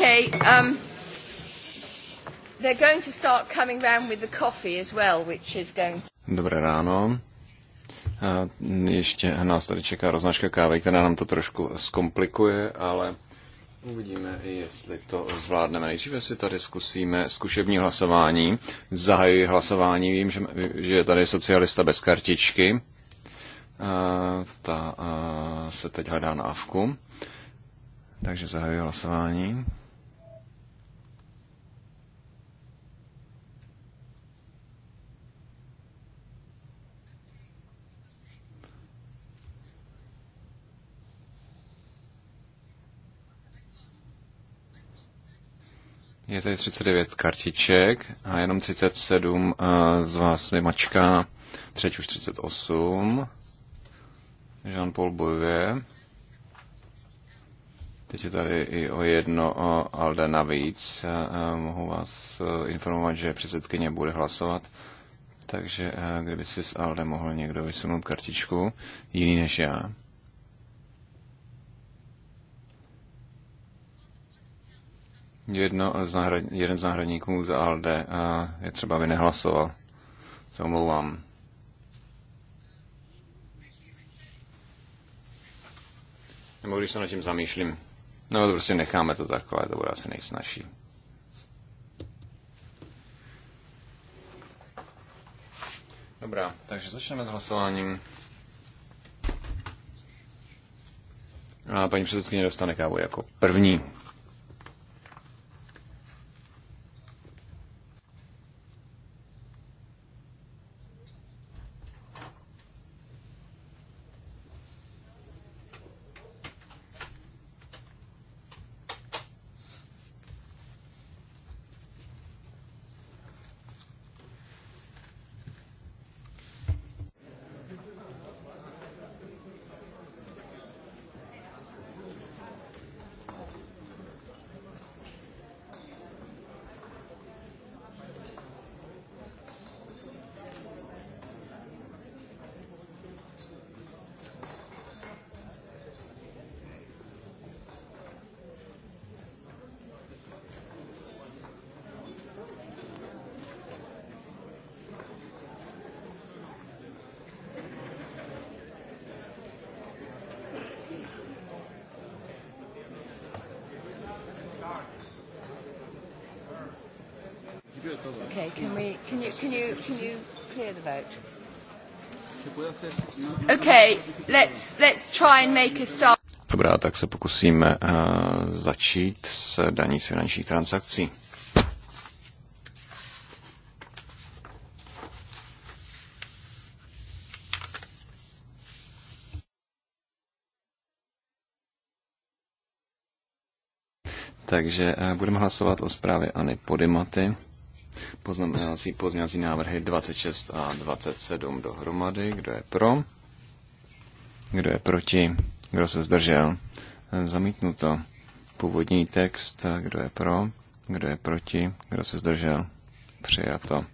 Okay, um, they're going to start coming round with the coffee as well, which is going to... Dobré ráno. Uh, ještě nás tady čeká roznačka kávy, která nám to trošku zkomplikuje, ale uvidíme, jestli to zvládneme. Nejdříve si tady zkusíme zkušební hlasování. Zahajuji hlasování, vím, že, že je tady socialista bez kartičky. Uh, ta uh, se teď hledá na avku. Takže zahajuji hlasování. Je tady 39 kartiček a jenom 37 eh, z vás je mačka, třeť už 38. Jean-Paul bojuje. Teď je tady i o jedno o eh, Alda navíc. Eh, mohu vás informovat, že předsedkyně bude hlasovat. Takže kdyby si s Alde mohl někdo vysunout kartičku, jiný než já. Jedno z náhrad, jeden z náhradníků za ALD a eh, je třeba, aby nehlasoval. Se omlouvám. Nebo když se nad tím zamýšlím. No to prostě necháme to takové, to bude asi nejsnažší. Dobrá, takže začneme s hlasováním. A paní předsedkyně dostane kávu jako první. Can you, can you, can you clear the vote? Okay, let's, let's try and make a start. Dobrá, tak se pokusíme uh, začít s daní z finančních transakcí. Takže eh, budeme hlasovat o zprávě Ani Podimaty poznamenací pozměňovací návrhy 26 a 27 dohromady. Kdo je pro? Kdo je proti? Kdo se zdržel? Zamítnuto. Původní text. Kdo je pro? Kdo je proti? Kdo se zdržel? Přijato.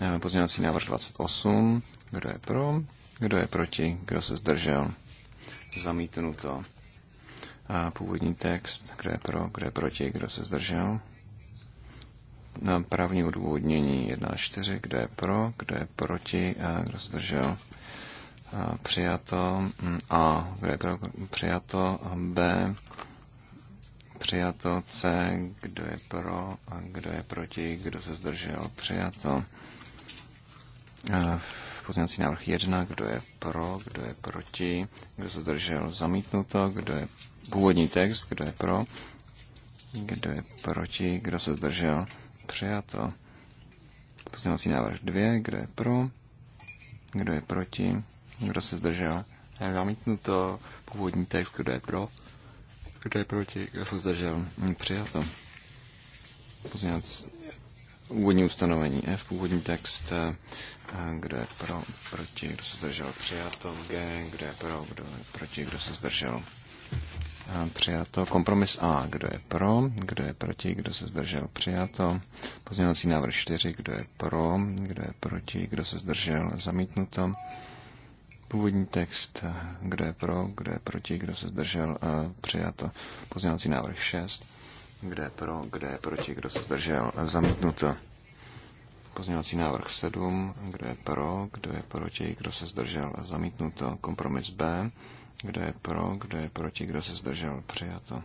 Eh, pozměňovací návrh 28. Kdo je pro? Kdo je proti? Kdo se zdržel? Zamítnuto. A eh, původní text. Kdo je pro? Kdo je proti? Kdo se zdržel? právní odůvodnění 1.4, kdo je pro, kdo je proti a kdo zdržel přijato mm, A, kde je pro, přijato B, přijato C, kdo je pro a kdo je proti, kdo se zdržel, přijato. Pozměňovací návrh 1, kdo je pro, kdo je proti, kdo se zdržel, zamítnuto, kdo je původní text, kdo je pro, kdo je proti, kdo se zdržel, Přijato. Pozměňovací návrh 2. Kdo je pro? Kdo je proti? Kdo se zdržel? Zamítnuto. Původní text. Kdo je pro? Kdo je proti? Kdo se zdržel? Přijato. Pozměňovací úvodní ustanovení F, původní text, eh, kdo je pro, proti, kdo se zdržel, přijato, G, kdo je pro, kdo je proti, kdo se zdržel, Přijato. Kompromis A. Kdo je pro? Kdo je proti? Kdo se zdržel? Přijato. Pozměňovací návrh 4. Kdo je pro? Kdo je proti? Kdo se zdržel? Zamítnuto. Původní text. Kdo je pro? Kdo je proti? Kdo se zdržel? Přijato. Pozměňovací návrh 6. Kdo je pro? Kdo je proti? Kdo se zdržel? Zamítnuto. Pozměňovací návrh 7. Kdo je pro? Kdo je proti? Kdo se zdržel? Zamítnuto. Kompromis B. Kdo je pro, kdo je proti, kdo se zdržel? Přijato.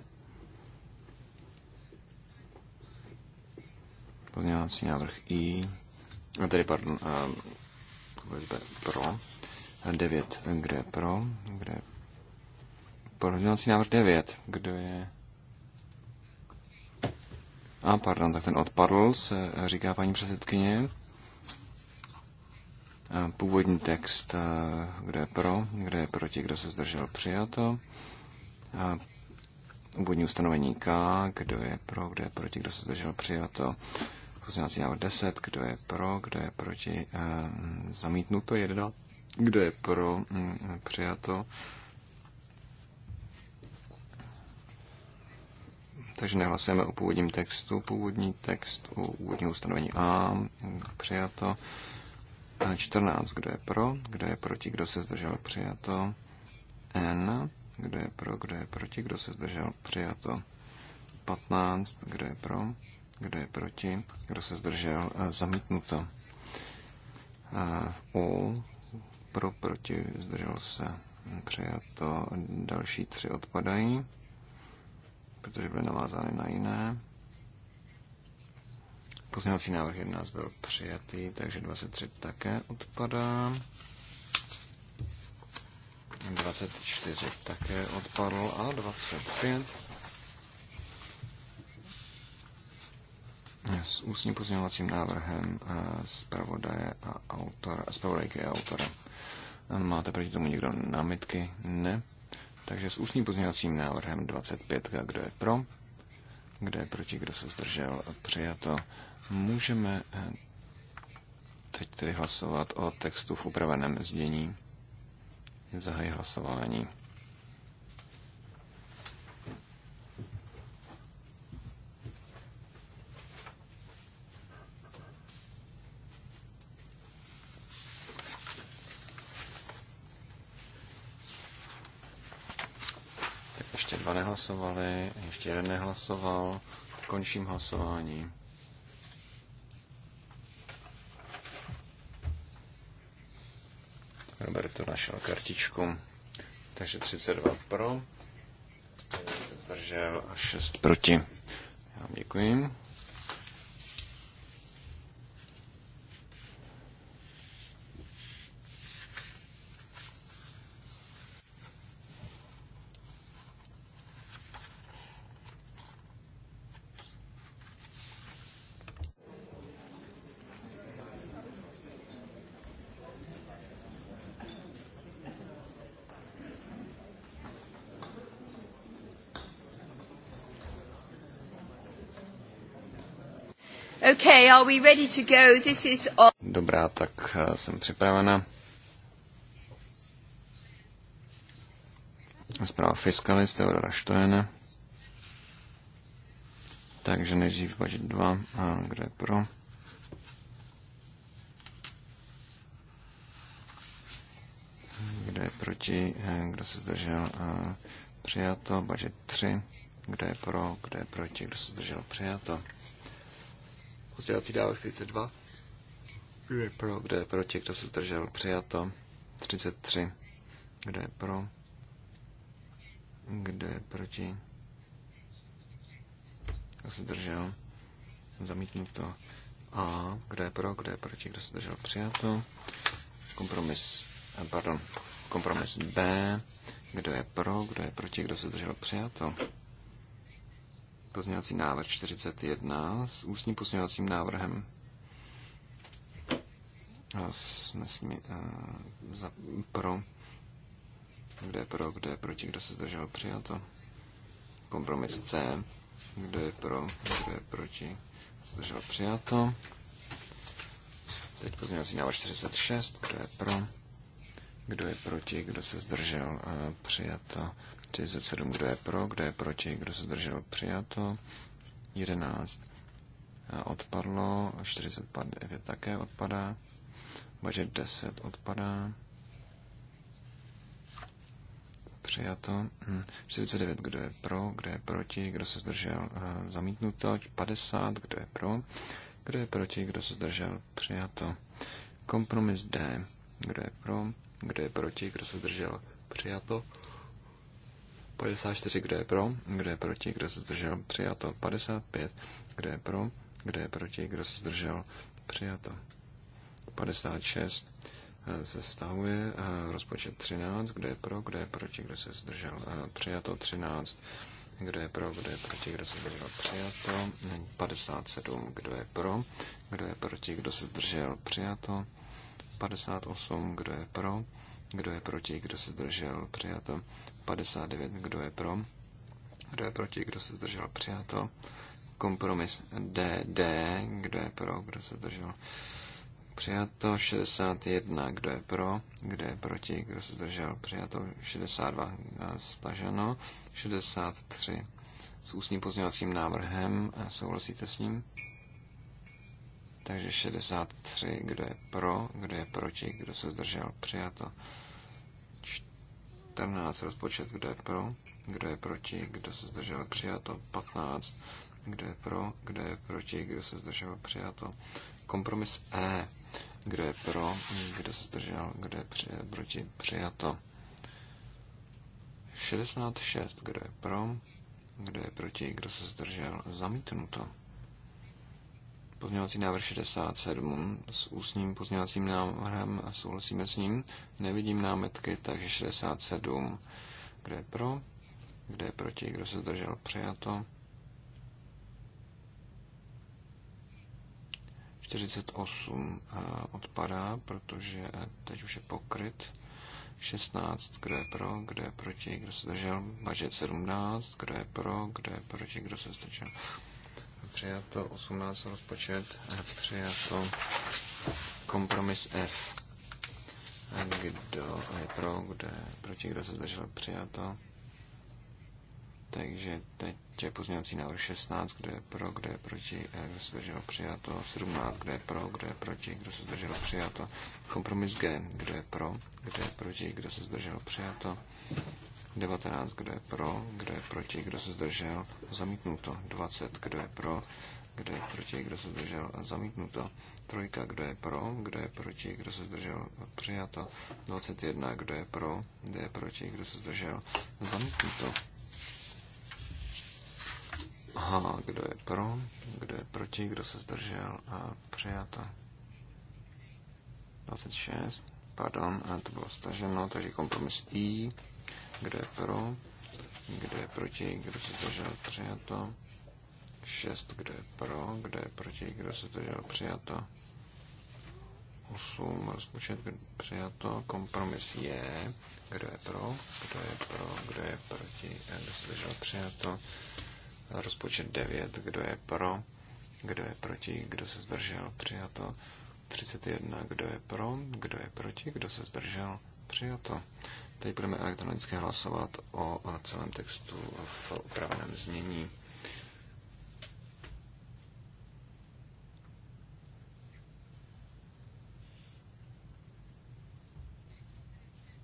Pozměňovací návrh I, a tedy, pardon, a, pro, 9, kde je pro, kde je pozměňovací návrh 9, kdo je a pardon, tak ten odpadl, se říká paní předsedkyně. Původní text, kde je pro, kde je proti, kdo se zdržel, přijato. Úvodní ustanovení K, kdo je pro, kdo je proti, kdo se zdržel, přijato. Pozměňovací návrh 10, kdo je pro, kdo je proti, zamítnuto 1, kdo je pro, mm, přijato. Takže nehlasujeme o původním textu. Původní text u úvodního ustanovení A, přijato. 14. Kdo je pro? Kdo je proti? Kdo se zdržel? Přijato. N. Kdo je pro? Kdo je proti? Kdo se zdržel? Přijato. 15. Kdo je pro? Kdo je proti? Kdo se zdržel? Eh, zamítnuto. Eh, U. Pro, proti, zdržel se. Přijato. Další tři odpadají, protože byly navázány na jiné. Pozměňovací návrh 11 byl přijatý, takže 23 také odpadá. 24 také odpadl a 25. S ústním pozměňovacím návrhem eh, zpravodaje a autora, zpravodajky a autora. Máte proti tomu někdo námitky? Ne. Takže s ústním pozměňovacím návrhem 25, kdo je pro? kdo je proti, kdo se zdržel, přijato. Můžeme eh, teď tedy hlasovat o textu v upraveném znění. Zahaj hlasování. hlasovali, ještě jeden nehlasoval. Končím hlasování. Robert to našel kartičku. Takže 32 pro. Zdržel a 6 proti. Já vám děkuji. Are we ready to go? This is on... Dobrá, tak eh, jsem připravena. Zpráva Fiskalis, Teodora Štojene. Takže nejdřív budget 2. A kdo je pro? Kdo je proti? Kdo se zdržel? Přijato. Budget 3. Kdo je pro? Kdo je proti? Kdo se zdržel? Přijato. Pozdělací dávek 32. Kdo je pro? Kdo je proti? Kdo se zdržel? Přijato. 33. Kdo je pro? Kdo je proti? Kdo se zdržel? Zamítnuto. A. Kdo je pro? Kdo je proti? Kdo se držel? Přijato. Kompromis. Eh, pardon. Kompromis B. Kdo je pro? Kdo je proti? Kdo se držel? Přijato. Pozměňovací návrh 41 s ústním pozměňovacím návrhem. A jsme s nimi uh, za, pro. Kde je pro, kde je proti, kdo se zdržel, přijato. Kompromis C. Kdo je pro, kdo je proti, zdržel, přijato. Teď pozměňovací návrh 46. Kdo je pro, kdo je proti, kdo se zdržel, uh, přijato. 37, kdo je pro, kdo je proti, kdo se zdržel, přijato. 11 eh, odpadlo, 49 také odpadá, budget 10 odpadá, přijato, 49, hm. kdo je pro, kdo je proti, kdo se zdržel, eh, zamítnuto, 50, kdo je pro, kdo je proti, kdo se zdržel, přijato, kompromis D, kdo je pro, kdo je proti, kdo se zdržel, přijato. 54, kdo je pro, kdo je proti, kdo se zdržel, přijato. 55, kdo je pro, kdo je proti, kdo se zdržel, přijato. 56 se stahuje, rozpočet 13, kdo je pro, kdo je proti, kdo se zdržel, přijato 13, kdo je pro, kdo je proti, kdo se zdržel, přijato 57, kdo je pro, kdo je proti, kdo se zdržel, přijato 58, kdo je pro, kdo je proti? Kdo se zdržel? Přijato. 59. Kdo je pro? Kdo je proti? Kdo se zdržel? Přijato. Kompromis DD. Kdo je pro? Kdo se zdržel? Přijato 61, kdo je pro, kdo je proti, kdo se zdržel. Přijato 62, staženo 63. S ústním pozměňovacím návrhem souhlasíte s ním? Takže 63, kdo je pro, kdo je proti, kdo se zdržel, přijato. 14, rozpočet, kdo je pro, kdo je proti, kdo se zdržel, přijato. 15, kdo je pro, kdo je proti, kdo se zdržel, přijato. Kompromis E, kdo je pro, kdo se zdržel, kdo je při, proti, přijato. 66, kdo je pro, kdo je proti, kdo se zdržel, zamítnuto pozměňovací návrh 67 s ústním pozměňovacím návrhem a souhlasíme s ním. Nevidím námetky, takže 67. Kdo je pro? Kdo je proti? Kdo se zdržel? Přijato. 48 eh, odpadá, protože eh, teď už je pokryt. 16, kdo je pro, kdo je proti, kdo se zdržel. bažet 17, kdo je pro, kdo je proti, kdo se zdržel přijato, 18 rozpočet, přijato, kompromis F. A kdo je pro, kdo je proti, kdo se zdržel, přijato. Takže teď je pozměňovací návrh 16, kde je pro, kde je proti, kdo se zdržel přijato, 17, kde je pro, kde je proti, kdo se zdržel přijato, kompromis G, kdo je pro, kde je proti, kdo se zdržel přijato, 19, kdo je pro, kdo je proti, kdo se zdržel, zamítnuto. 20, kdo je pro, kdo je proti, kdo se zdržel, zamítnuto. Trojka, kdo je pro, kdo je proti, kdo se zdržel, přijato. 21, kdo je pro, kdo je proti, kdo se zdržel, zamítnuto. Aha, kdo je pro, kdo je proti, kdo se zdržel a přijato. 26, pardon, a to bylo staženo, takže kompromis I. Kdo je pro? Kdo je proti? Kdo se zdržel? Přijato. 6. Kdo je pro? Kdo je proti? Kdo se zdržel? Přijato. 8. Rozpočet přijato. Kompromis je. Kdo je pro? Kdo je pro? Kdo je proti? Kdo se zdržel? Přijato. Rozpočet 9. Kdo je pro? Kdo je proti? Kdo se zdržel? Přijato. 31. Kdo je pro? Kdo je proti? Kdo se zdržel? Přijato. Teď budeme elektronicky hlasovat o celém textu v upraveném znění.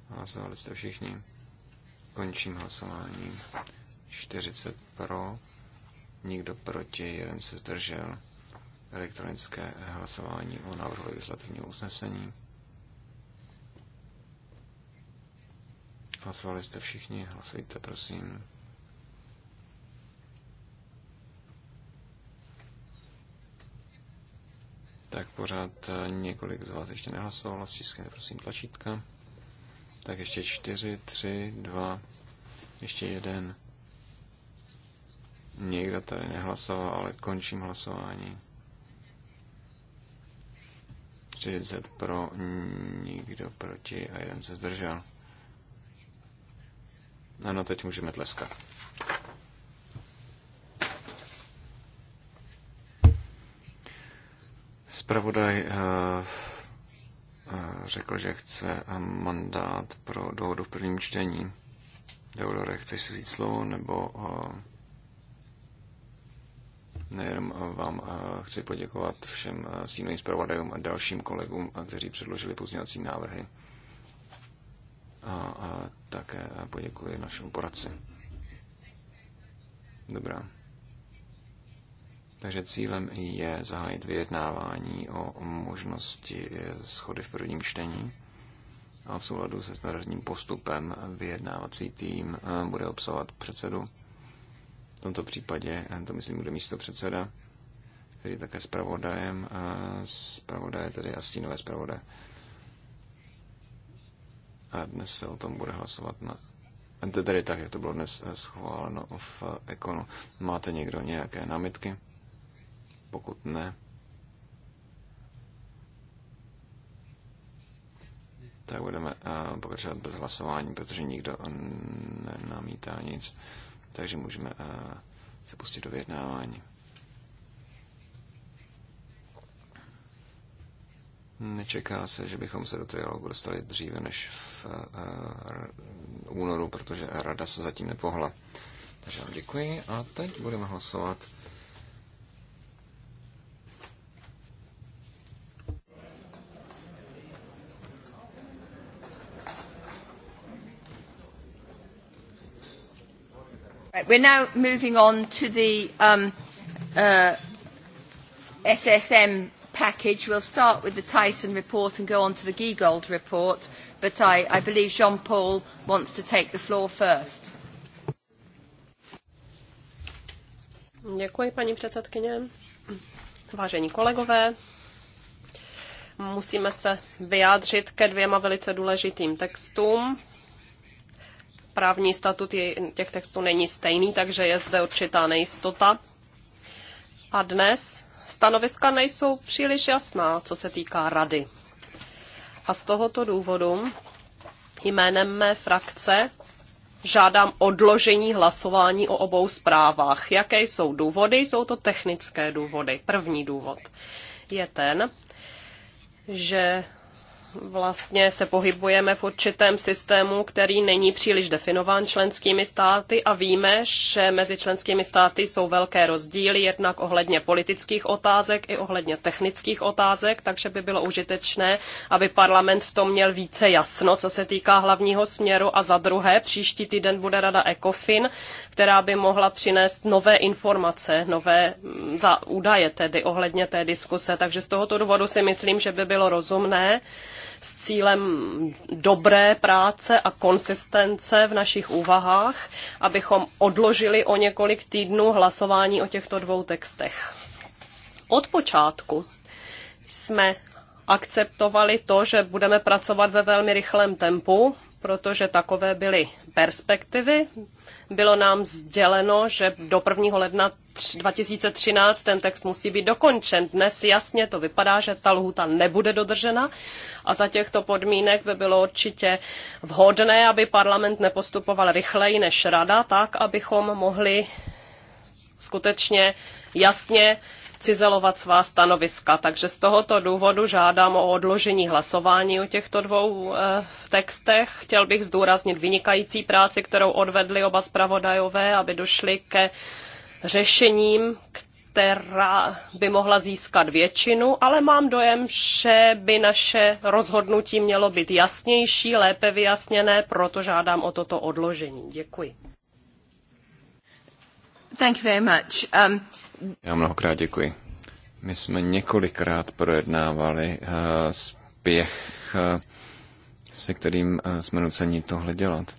Hlasovali jste všichni. Končím hlasování. 40 pro, nikdo proti, jeden se zdržel. Elektronické hlasování o návrhu legislativního usnesení. Hlasovali jste všichni, hlasujte, prosím. Tak pořád eh, několik z vás ještě nehlasovalo, stiskněte prosím tlačítka. Tak ještě čtyři, tři, dva, ještě jeden. Někdo tady nehlasoval, ale končím hlasování. 30 pro, nikdo proti a jeden se zdržel. Ano, teď můžeme tleskat. Spravodaj eh, eh, řekl, že chce mandát pro dohodu v prvním čtení. Deodore, chceš si říct slovo, nebo eh, nejenom vám chci poděkovat všem stínovým zpravodajům a dalším kolegům, kteří předložili pozměňovací návrhy a, a také poděkuji našemu poradci. Dobrá. Takže cílem je zahájit vyjednávání o možnosti schody v prvním čtení a v souladu se standardním postupem vyjednávací tým eh, bude obsahovat předsedu. V tomto případě eh, to myslím bude místo předseda, který je také zpravodajem, eh, zpravodaje tedy a stínové zpravodaje. A dnes se o tom bude hlasovat na tedy tak, jak to bylo dnes eh, schváleno v Ekonu. Máte někdo nějaké námitky? Pokud ne, tak budeme eh, pokračovat bez hlasování, protože nikdo nenamítá nic, takže můžeme eh, se pustit do vyjednávání. Nečeká se, že bychom se do trialogu dostali dříve než v eh, eh, únoru, protože rada se zatím nepohla. Takže vám děkuji a teď budeme hlasovat. We're now moving on to the um, uh, SSM package. We'll start with the Tyson report and go on to the Giegold report, but I, I believe Jean-Paul wants to take the floor first. Děkuji, paní předsedkyně. Vážení kolegové, musíme se vyjádřit ke dvěma velice důležitým textům. Právní statut těch textů není stejný, takže je zde určitá nejistota. A dnes stanoviska nejsou příliš jasná, co se týká rady. A z tohoto důvodu jménem mé frakce žádám odložení hlasování o obou zprávách. Jaké jsou důvody? Jsou to technické důvody. První důvod je ten, že vlastně se pohybujeme v určitém systému, který není příliš definován členskými státy a víme, že mezi členskými státy jsou velké rozdíly jednak ohledně politických otázek i ohledně technických otázek, takže by bylo užitečné, aby parlament v tom měl více jasno, co se týká hlavního směru a za druhé příští týden bude rada ECOFIN, která by mohla přinést nové informace, nové mm, za údaje tedy ohledně té diskuse, takže z tohoto důvodu si myslím, že by bylo rozumné, s cílem dobré práce a konsistence v našich úvahách, abychom odložili o několik týdnů hlasování o těchto dvou textech. Od počátku jsme akceptovali to, že budeme pracovat ve velmi rychlém tempu, protože takové byly perspektivy. Bylo nám sděleno, že do 1. ledna 2013 ten text musí být dokončen. Dnes jasně to vypadá, že ta lhuta nebude dodržena a za těchto podmínek by bylo určitě vhodné, aby parlament nepostupoval rychleji než rada, tak abychom mohli skutečně jasně cizelovat svá stanoviska. Takže z tohoto důvodu žádám o odložení hlasování o těchto dvou eh, textech. Chtěl bych zdůraznit vynikající práci, kterou odvedli oba zpravodajové, aby došli ke řešením, která by mohla získat většinu, ale mám dojem, že by naše rozhodnutí mělo být jasnější, lépe vyjasněné, proto žádám o toto odložení. Děkuji. Thank you very much. Um... Já mnohokrát děkuji. My jsme několikrát projednávali eh, spěch, eh, se kterým eh, jsme nuceni tohle dělat.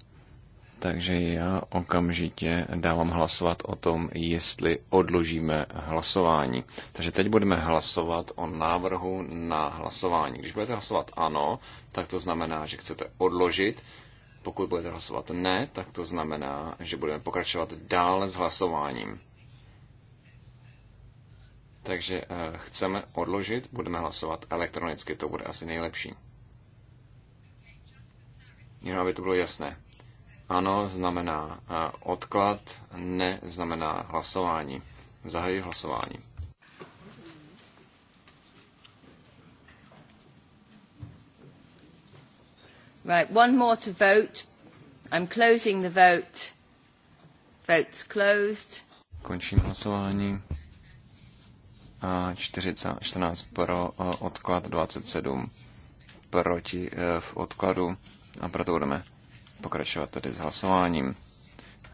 Takže já okamžitě dávám hlasovat o tom, jestli odložíme hlasování. Takže teď budeme hlasovat o návrhu na hlasování. Když budete hlasovat ano, tak to znamená, že chcete odložit. Pokud budete hlasovat ne, tak to znamená, že budeme pokračovat dále s hlasováním. Takže eh, chceme odložit, budeme hlasovat elektronicky, to bude asi nejlepší. Jenom aby to bylo jasné. Ano znamená eh, odklad, ne znamená hlasování. Zahajuji hlasování. Right, one more to vote. I'm closing the vote. Vote's closed. Končím hlasování a 14 pro odklad 27 proti e, v odkladu a proto budeme pokračovat tedy s hlasováním.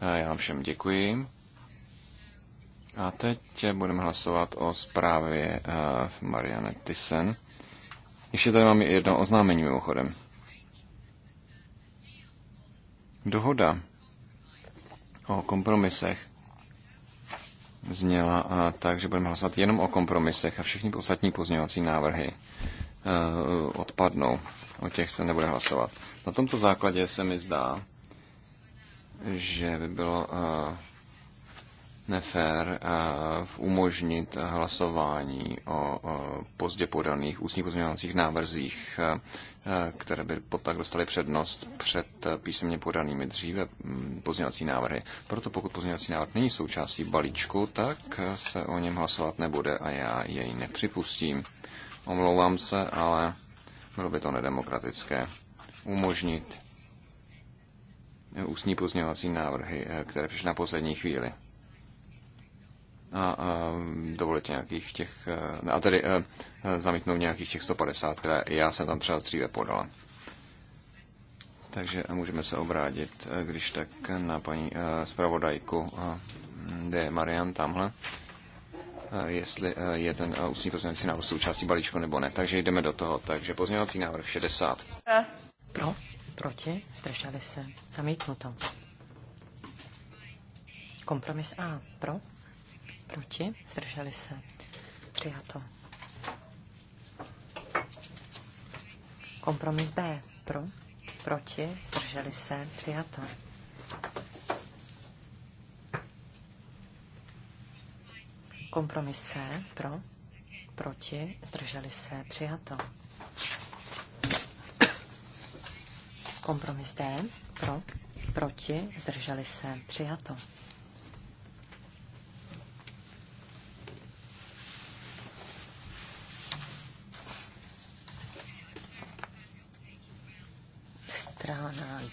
E, já vám všem děkuji. A teď budeme hlasovat o zprávě e, Marianne Thyssen. Ještě tady mám jedno oznámení mimochodem. Dohoda o kompromisech zněla a tak, že budeme hlasovat jenom o kompromisech a všechny ostatní pozměňovací návrhy e, odpadnou. O těch se nebude hlasovat. Na tomto základě se mi zdá, že by bylo e, nefér e, umožnit hlasování o pozdě podaných ústních pozměňovacích návrzích Eh, které by tak dostaly přednost před písemně podanými dříve mm, pozměňovací návrhy. Proto pokud pozměňovací návrh není součástí balíčku, tak se o něm hlasovat nebude a já jej nepřipustím. Omlouvám se, ale bylo by to nedemokratické umožnit ústní pozměňovací návrhy, eh, které přišly na poslední chvíli a, a dovolit nějakých těch, eh, a tedy a, eh, zamítnout nějakých těch 150, které já jsem tam třeba dříve podala. Takže můžeme se obrátit, eh, když tak na paní zpravodajku, kde je Marian tamhle, jestli je ten ústní pozměňovací návrh součástí balíčku nebo ne. Takže jdeme do toho. Takže pozměňovací návrh 60. Pro, proti, zdrželi se, zamítnuto. Kompromis A, pro, Proti? Zdrželi se. Přijato. Kompromis B. Pro? Proti? Zdrželi se. Přijato. Kompromis C. Pro? Proti? Zdrželi se. Přijato. Kompromis D. Pro? Proti? Zdrželi se. Přijato.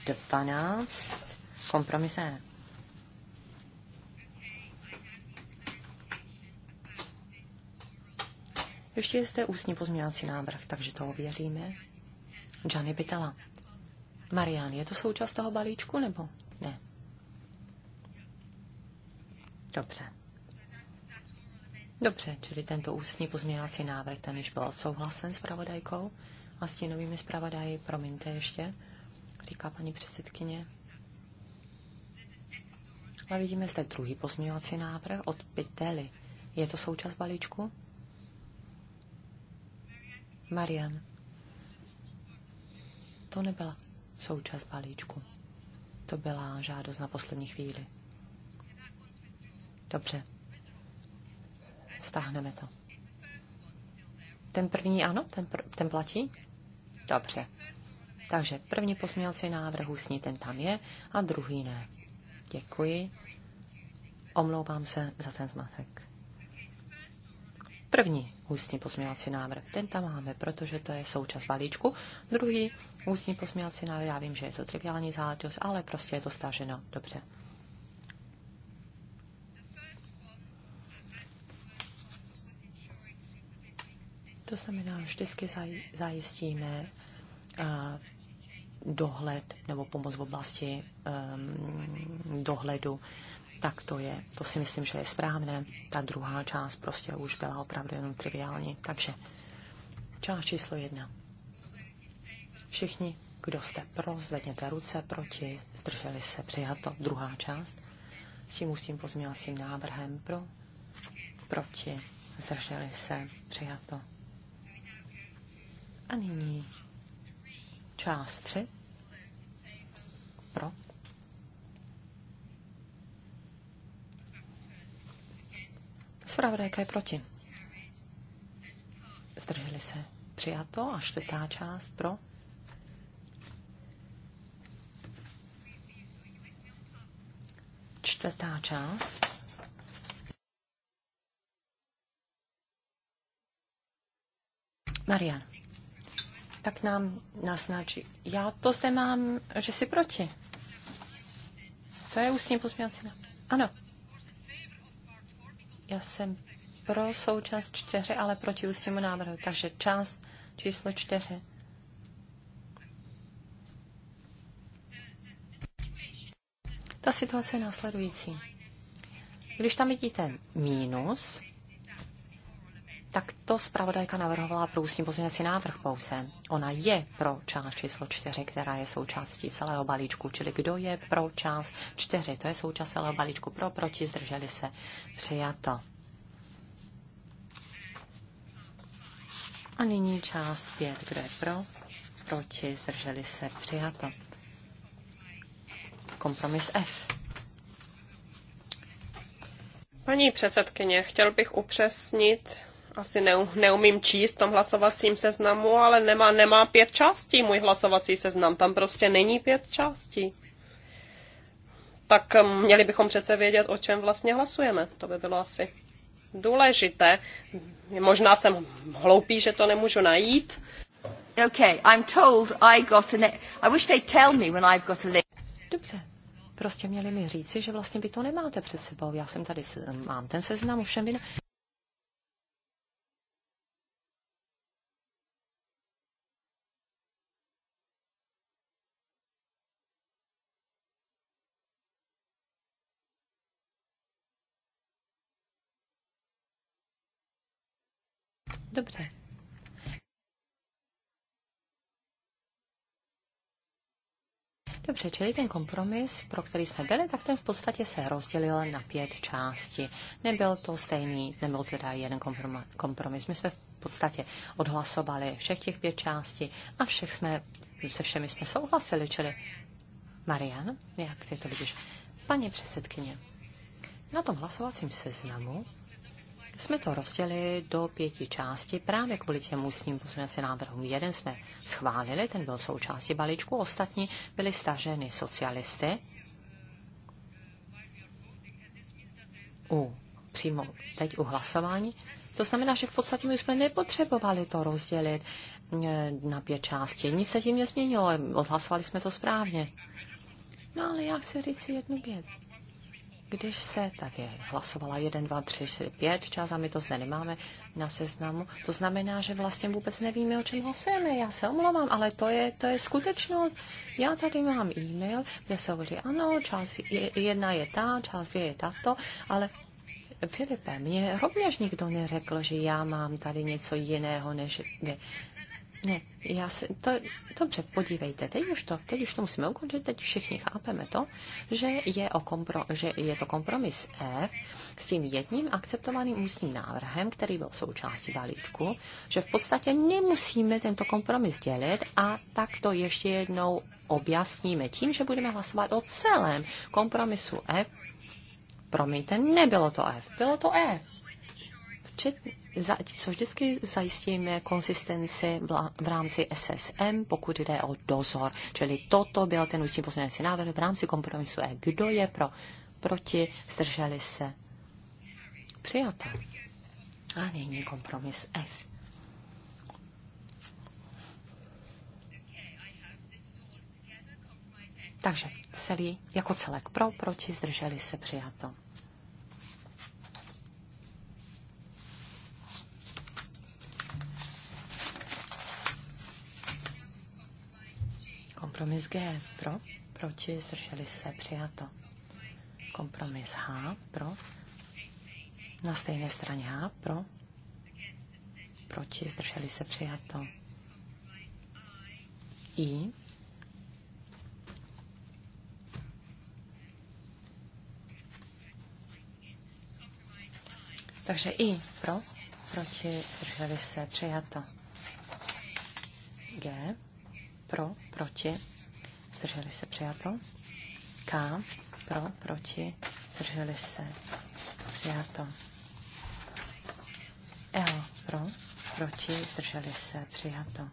12, Kompromise E. Ještě jste ústní pozměňovací návrh, takže to ověříme. Johnny Bitela. Marian, je to součást toho balíčku, nebo ne? Dobře. Dobře, čili tento ústní pozměňovací návrh, ten již byl souhlasen s pravodajkou a stínovými zpravodaji, promiňte ještě říká paní předsedkyně. A vidíme zde druhý pozměňovací návrh od Piteli. Je to součást balíčku? Marian. To nebyla součást balíčku. To byla žádost na poslední chvíli. Dobře. Stáhneme to. Ten první ano? Ten, pr- ten platí? Dobře. Takže první pozměňovací návrh usní ten tam je a druhý ne. Děkuji. Omlouvám se za ten zmatek. První ústní pozměňovací návrh, ten tam máme, protože to je součas balíčku. Druhý ústní pozměňovací návrh, já vím, že je to triviální záležitost, ale prostě je to staženo. Dobře. To znamená, vždycky zaj, zajistíme dohled nebo pomoc v oblasti um, dohledu, tak to je, to si myslím, že je správné. Ta druhá část prostě už byla opravdu jenom triviální. Takže část číslo jedna. Všichni, kdo jste pro, zvedněte ruce, proti, zdrželi se, přijato. Druhá část s tím ústím pozměňovacím návrhem pro, proti, zdrželi se, přijato. A nyní Část 3. Pro. Spravodajka je proti. Zdrželi se. Přijato a čtvrtá část pro. Čtvrtá část. Marian tak nám naznačí. Já to zde mám, že si proti. To je ústní pozměňovací Ano. Já jsem pro součást čtyři, ale proti ústnímu návrhu. Takže část číslo čtyři. Ta situace je následující. Když tam vidíte mínus, tak to zpravodajka navrhovala ústní pozměňovací návrh pouze. Ona je pro část číslo 4, která je součástí celého balíčku, čili kdo je pro část 4, to je součást celého balíčku, pro, proti, zdrželi se, přijato. A nyní část 5, kdo je pro, proti, zdrželi se, přijato. Kompromis F. Paní předsedkyně, chtěl bych upřesnit asi neumím číst v tom hlasovacím seznamu, ale nemá, nemá pět částí můj hlasovací seznam. Tam prostě není pět částí. Tak mm, měli bychom přece vědět, o čem vlastně hlasujeme. To by bylo asi důležité. Možná jsem hloupý, že to nemůžu najít. Okay, I'm told I got I wish they tell me when I've got a Dobře, prostě měli mi říci, že vlastně vy to nemáte před sebou. Já jsem tady, mám ten seznam, ovšem vy Dobře. Dobře, čili ten kompromis, pro který jsme byli, tak ten v podstatě se rozdělil na pět části. Nebyl to stejný, nebyl teda jeden kompromis. My jsme v podstatě odhlasovali všech těch pět částí a všech jsme, se všemi jsme souhlasili, čili Marian, jak ty to vidíš? Paní předsedkyně, na tom hlasovacím seznamu jsme to rozdělili do pěti částí právě kvůli těm ústním pozměňovacím návrhům. Jeden jsme schválili, ten byl součástí balíčku, ostatní byly staženy socialisty. U, přímo teď u hlasování. To znamená, že v podstatě my jsme nepotřebovali to rozdělit eh, na pět částí. Nic se tím nezměnilo, odhlasovali jsme to správně. No ale já chci říct si jednu věc. Když se tak je hlasovala 1, 2, 3, 4, 5 čas a my to zde nemáme na seznamu, to znamená, že vlastně vůbec nevíme, o čem hlasujeme. Já se omlouvám, ale to je, to je skutečnost. Já tady mám e-mail, kde se hovoří, ano, část jedna je ta, čas dvě je tato, ale Filipe, mě rovněž nikdo neřekl, že já mám tady něco jiného, než vy. Ne, já se, to, dobře, podívejte, teď už to, teď už to musíme ukončit, teď všichni chápeme to, že je, o kompro, že je to kompromis F e s tím jedním akceptovaným ústním návrhem, který byl součástí balíčku, že v podstatě nemusíme tento kompromis dělit a tak to ještě jednou objasníme tím, že budeme hlasovat o celém kompromisu F. E, promiňte, nebylo to F, bylo to E. Včetně, co vždycky zajistíme konsistenci v rámci SSM, pokud jde o dozor. Čili toto byl ten ústní pozměňovací návrh v rámci kompromisu E. Kdo je pro? Proti? Zdrželi se? Přijato. A nyní kompromis F. Takže celý jako celek pro, proti, zdrželi se přijato. Kompromis G pro, proti, zdrželi se, přijato. Kompromis H pro, na stejné straně H pro, proti, zdrželi se, přijato. I Takže i pro, proti, zdrželi se, přijato. G, pro, proti, zdrželi se přijato. K pro, proti, zdrželi se přijato. L pro, proti, zdrželi se přijato.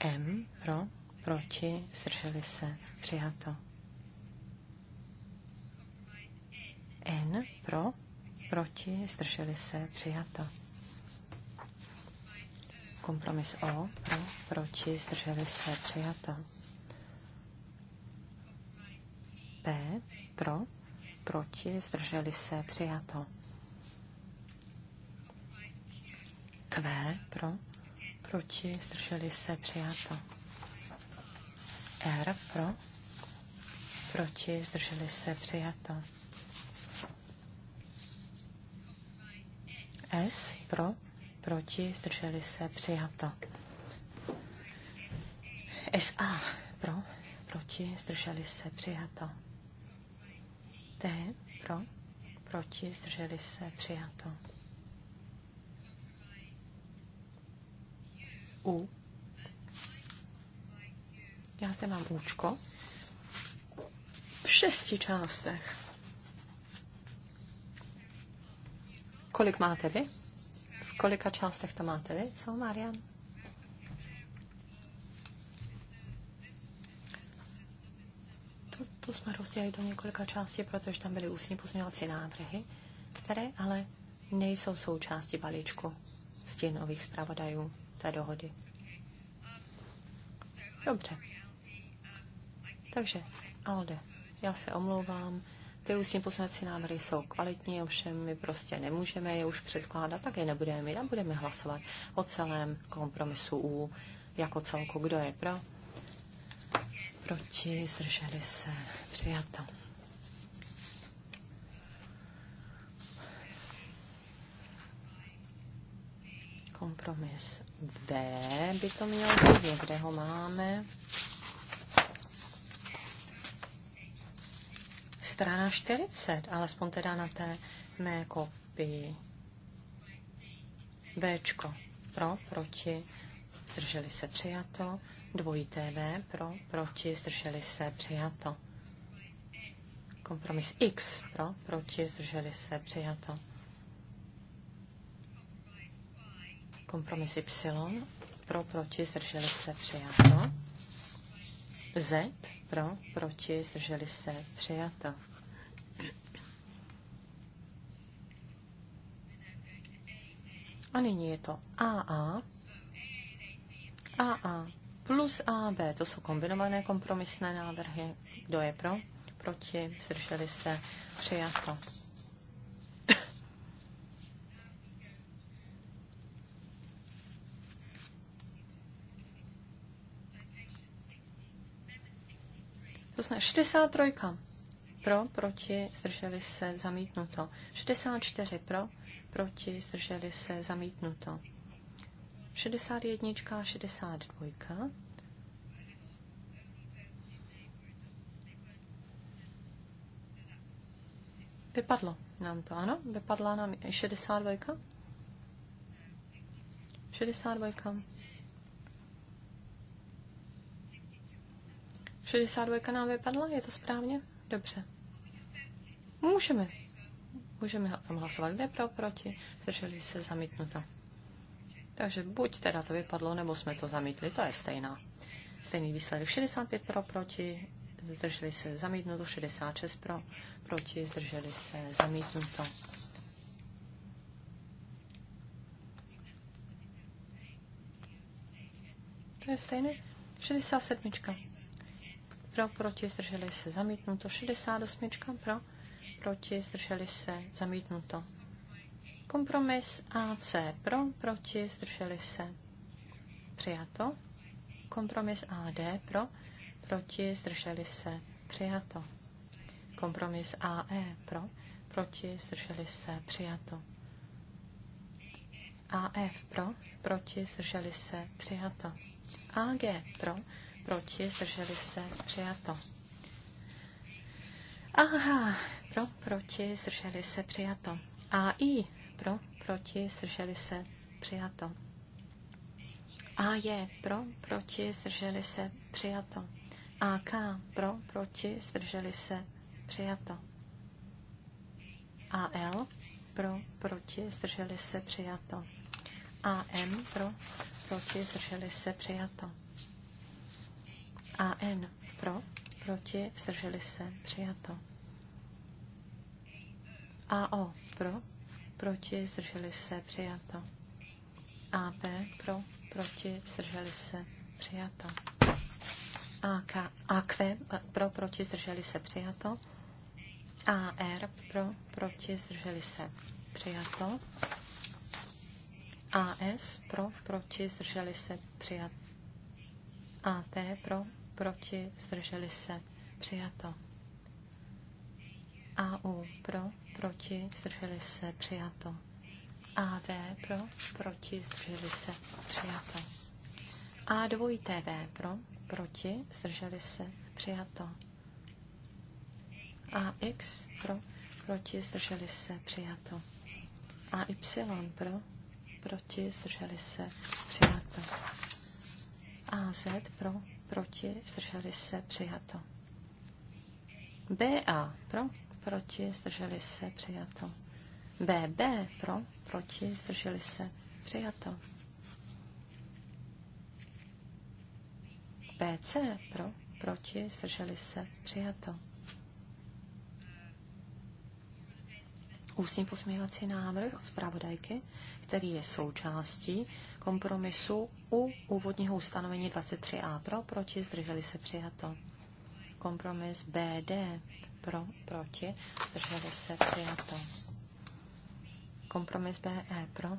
M pro, proti, zdrželi se přijato. N pro, proti, zdrželi se přijato. Kompromis O, pro, proti, zdrželi se, přijato. P, pro, proti, zdrželi se, přijato. Q, pro, proti, zdrželi se, přijato. R, pro, proti, zdrželi se, přijato. S, pro, proti, zdrželi se, přijato. SA pro, proti, zdrželi se, přijato. T pro, proti, zdrželi se, přijato. U. Já zde mám účko v šesti částech. Kolik máte vy? kolika částech to máte vy, co, Marian? To, to jsme rozdělili do několika částí, protože tam byly ústní pozměňovací návrhy, které ale nejsou součástí balíčku stínových zpravodajů té dohody. Dobře. Takže, Alde, já se omlouvám, ty ústní pozměňovací návrhy jsou kvalitní, ovšem my prostě nemůžeme je už předkládat, tak je nebudeme mít a budeme hlasovat o celém kompromisu U jako celku. Kdo je pro? Proti, zdrželi se, přijato. Kompromis B by to mělo být, kde ho máme. strana 40, alespoň teda na té mé kopii. Bčko pro, proti, zdrželi se přijato. Dvojité V pro, proti, zdrželi se přijato. Kompromis X pro, proti, zdrželi se přijato. Kompromis Y pro, proti, zdrželi se přijato. Z pro, proti, zdrželi se, přijato. A nyní je to AA. AA plus AB, to jsou kombinované kompromisné návrhy. Kdo je pro? Proti, zdrželi se, přijato. To znamená 63 pro, proti, zdrželi se, zamítnuto. 64 pro, proti, zdrželi se, zamítnuto. 61 a 62. Vypadlo nám to, ano? Vypadla nám 62? 62. 62 nám vypadla, je to správně? Dobře. Můžeme. Můžeme tam hlasovat, kde pro, proti, zdrželi se zamítnuto. Takže buď teda to vypadlo, nebo jsme to zamítli, to je stejná. Stejný výsledek 65 pro, proti, zdrželi se zamítnuto, 66 pro, proti, zdrželi se zamítnuto. To je stejné. 67 pro, proti, zdrželi se, zamítnuto. 68 pro, proti, zdrželi se, zamítnuto. Kompromis AC pro, proti, zdrželi se, přijato. Kompromis AD pro, proti, zdrželi se, přijato. Kompromis AE pro, proti, zdrželi se, přijato. AF pro, proti, zdrželi se, přijato. AG pro, proti, zdrželi se, přijato. Aha, pro, proti, zdrželi se, přijato. A i, pro, proti, zdrželi se, přijato. A je, pro, proti, zdrželi se, přijato. A K, pro, proti, zdrželi se, přijato. A L, pro, proti, zdrželi se, přijato. A M, pro, proti, zdrželi se, přijato. AN pro, proti, zdrželi se, přijato. AO pro, proti, zdrželi se, přijato. AP pro, proti, zdrželi se, přijato. AK, AQ pro, proti, zdrželi se, přijato. AR pro, proti, zdrželi se, přijato. AS pro, proti, zdrželi se, přijato. AT pro, proti, zdrželi se, přijato. AU pro, proti, zdrželi se, přijato. AV pro, proti, zdrželi se, přijato. a dvojité V pro, proti, zdrželi se, přijato. AX pro, proti, zdrželi se, přijato. AY pro, proti, zdrželi se, přijato. AZ pro, proti, zdrželi se, přijato. BA pro, proti, zdrželi se, přijato. BB pro, proti, zdrželi se, přijato. BC pro, proti, zdrželi se, přijato. Ústní posměvací návrh zpravodajky, který je součástí kompromisu u úvodního ustanovení 23a pro, proti, zdrželi se přijato. Kompromis BD pro, proti, zdrželi se přijato. Kompromis BE pro,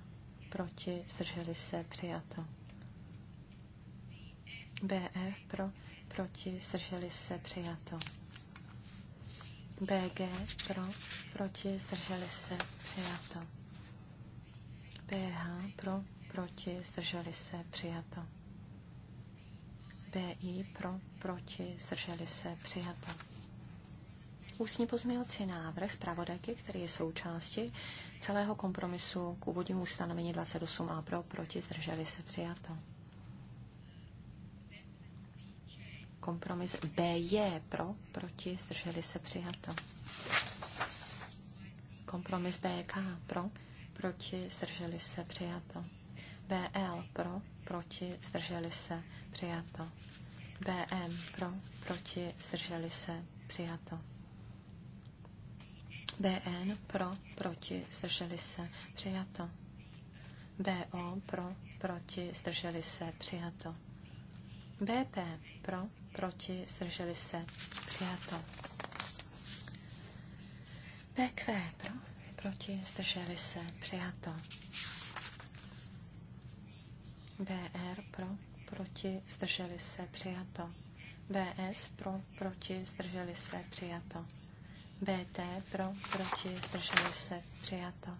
proti, zdrželi se přijato. BF e. pro, proti, zdrželi se přijato. BG pro, proti, zdrželi se přijato. BH pro, proti, zdrželi se, přijato. BI pro, proti, zdrželi se, přijato. Ústní pozměňovací návrh zpravodajky, který je součástí celého kompromisu k úvodnímu ustanovení 28a pro, proti, zdrželi se, přijato. Kompromis BJ pro, proti, zdrželi se, přijato. Kompromis BK pro, proti, zdrželi se, přijato BL pro, proti, zdrželi se, přijato. BM pro, proti, zdrželi se, přijato. BN pro, proti, zdrželi se, přijato. BO pro, proti, zdrželi se, přijato. BP pro, proti, zdrželi se, přijato. PQ pro, proti, zdrželi se, přijato. BR pro, proti, zdrželi se, přijato. BS pro, proti, zdrželi se, přijato. BT pro, proti, zdrželi se, přijato.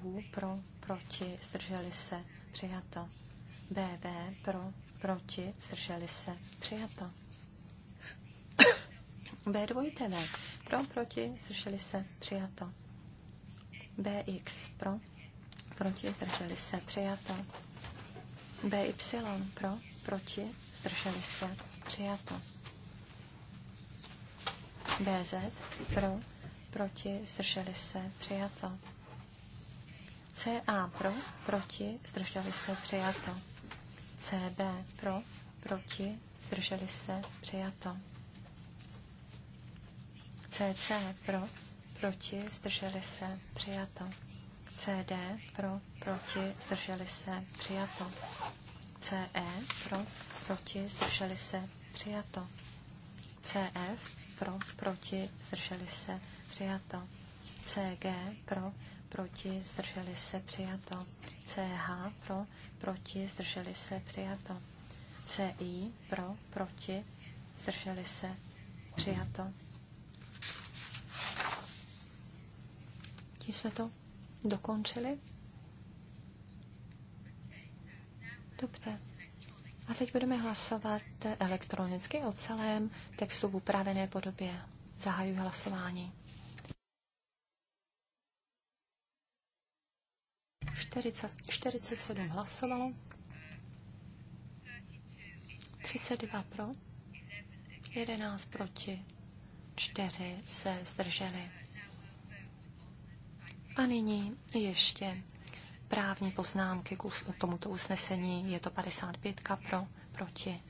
BU pro, proti, zdrželi se, přijato. BB pro, proti, zdrželi se, přijato. B2 TV pro, proti, zdrželi se, přijato. BX pro, proti, zdrželi se, přijato. BY pro, proti, zdrželi se, přijato. BZ pro, proti, zdrželi se, přijato. CA pro, proti, zdrželi se, přijato. CB pro, proti, zdrželi se, přijato. CC pro, proti, zdrželi se, přijato. CD pro, proti, zdrželi se, přijato. CE pro, proti, zdrželi se, přijato. CF pro, proti, zdrželi se, přijato. CG pro, proti, zdrželi se, přijato. CH pro, proti, zdrželi se, přijato. CI pro, proti, zdrželi se, přijato. Tím jsme to dokončili. Dobře. A teď budeme hlasovat elektronicky o celém textu v upravené podobě. Zahajuji hlasování. 40, 47 hlasovalo, 32 pro, 11 proti, 4 se zdrželi. A nyní ještě právní poznámky k tomuto usnesení. Je to 55 pro, proti.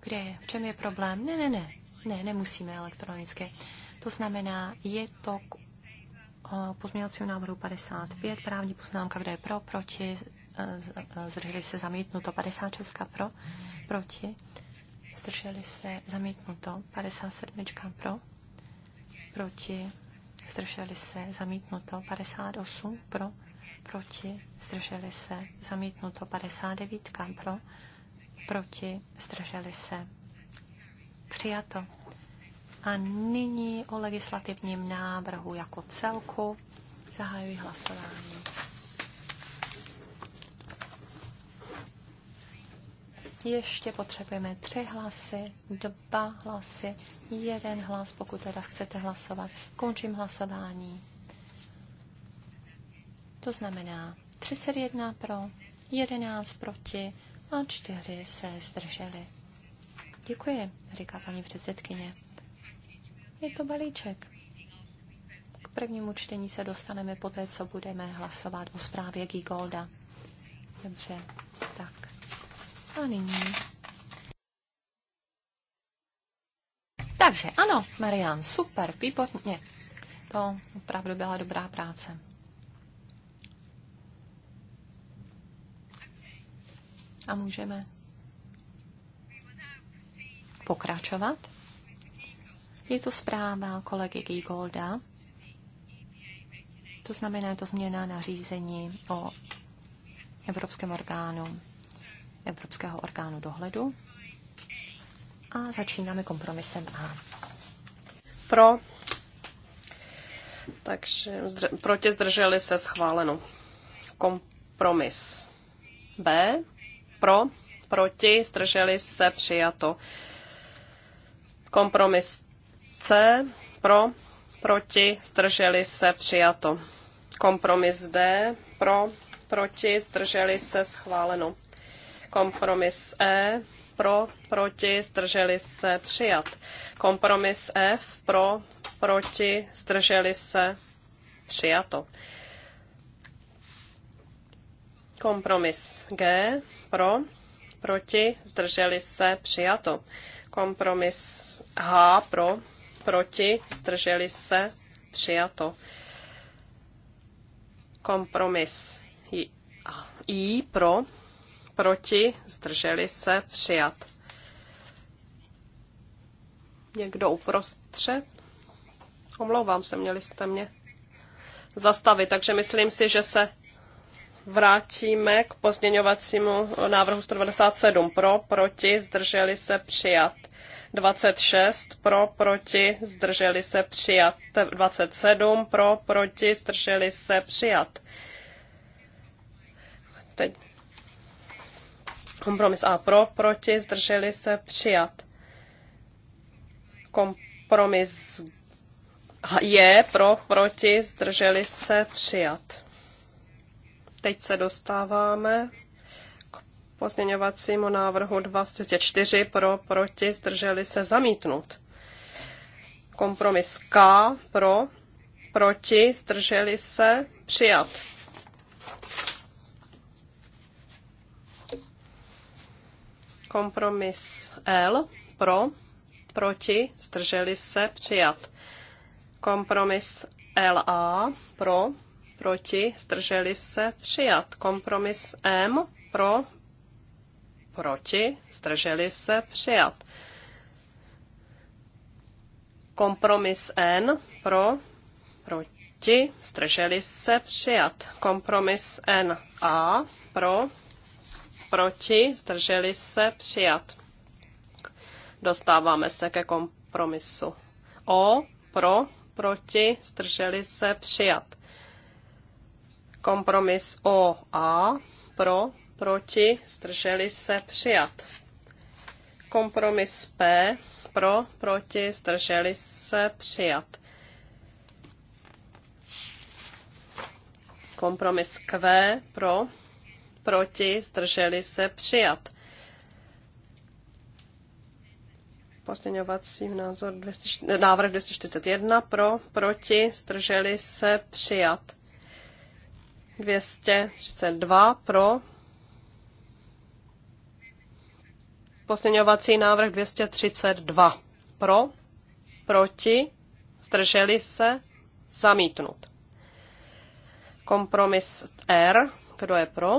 Kde je? V čem je problém? Ne, ne, ne. Ne, nemusíme elektronicky. To znamená, je to k eh, pozměňovacího návrhu 55, právní poznámka, kde je pro, proti, eh, eh, zdrželi se zamítnuto 56 pro, proti, zdrželi se, zamítnuto. 57 pro, proti, zdrželi se, zamítnuto. 58 pro, proti, zdrželi se, zamítnuto. 59 pro, proti, zdrželi se. Přijato. A nyní o legislativním návrhu jako celku zahajuji hlasování. ještě potřebujeme tři hlasy, dva hlasy, jeden hlas, pokud teda chcete hlasovat. Končím hlasování. To znamená 31 pro, 11 proti a 4 se zdrželi. Děkuji, říká paní předsedkyně. Je to balíček. K prvnímu čtení se dostaneme poté, co budeme hlasovat o zprávě Gigolda. Dobře, tak a nyní. Takže ano, Marian, super, výborně. To opravdu byla dobrá práce. A můžeme pokračovat. Je to zpráva kolegy Gigolda. To znamená to změna nařízení o Evropském orgánu Evropského orgánu dohledu. A začínáme kompromisem A. Pro. Takže zdr- proti zdrželi se schváleno. Kompromis B. Pro. Proti zdrželi se přijato. Kompromis C. Pro. Proti zdrželi se přijato. Kompromis D. Pro. Proti zdrželi se schváleno Kompromis E pro, proti, zdrželi se, přijat. Kompromis F pro, proti, zdrželi se, přijato. Kompromis G pro, proti, zdrželi se, přijato. Kompromis H pro, proti, zdrželi se, přijato. Kompromis I, I pro, proti, zdrželi se, přijat. Někdo uprostřed? Omlouvám se, měli jste mě zastavit, takže myslím si, že se vrátíme k pozměňovacímu návrhu 197 pro, proti, zdrželi se, přijat. 26 pro, proti, zdrželi se, přijat. 27 pro, proti, zdrželi se, přijat teď Kompromis A pro, proti, zdrželi se, přijat. Kompromis je pro, proti, zdrželi se, přijat. Teď se dostáváme k pozměňovacímu návrhu 24 pro, proti, zdrželi se, zamítnut. Kompromis K pro, proti, zdrželi se, přijat. Kompromis L pro, proti, zdrželi se, přijat. Kompromis LA pro, proti, zdrželi se, přijat. Kompromis M pro, proti, zdrželi se, přijat. Kompromis N pro, proti, zdrželi se, přijat. Kompromis NA pro, proti, zdrželi se, přijat. Dostáváme se ke kompromisu. O, pro, proti, zdrželi se, přijat. Kompromis O, A, pro, proti, zdrželi se, přijat. Kompromis P, pro, proti, zdrželi se, přijat. Kompromis Q, pro, proti, zdrželi se, přijat. Pozměňovací názor 200, návrh 241 pro, proti, zdrželi se, přijat. 232 pro, Pozměňovací návrh 232. Pro, proti, zdrželi se, zamítnut. Kompromis R. Kdo je pro?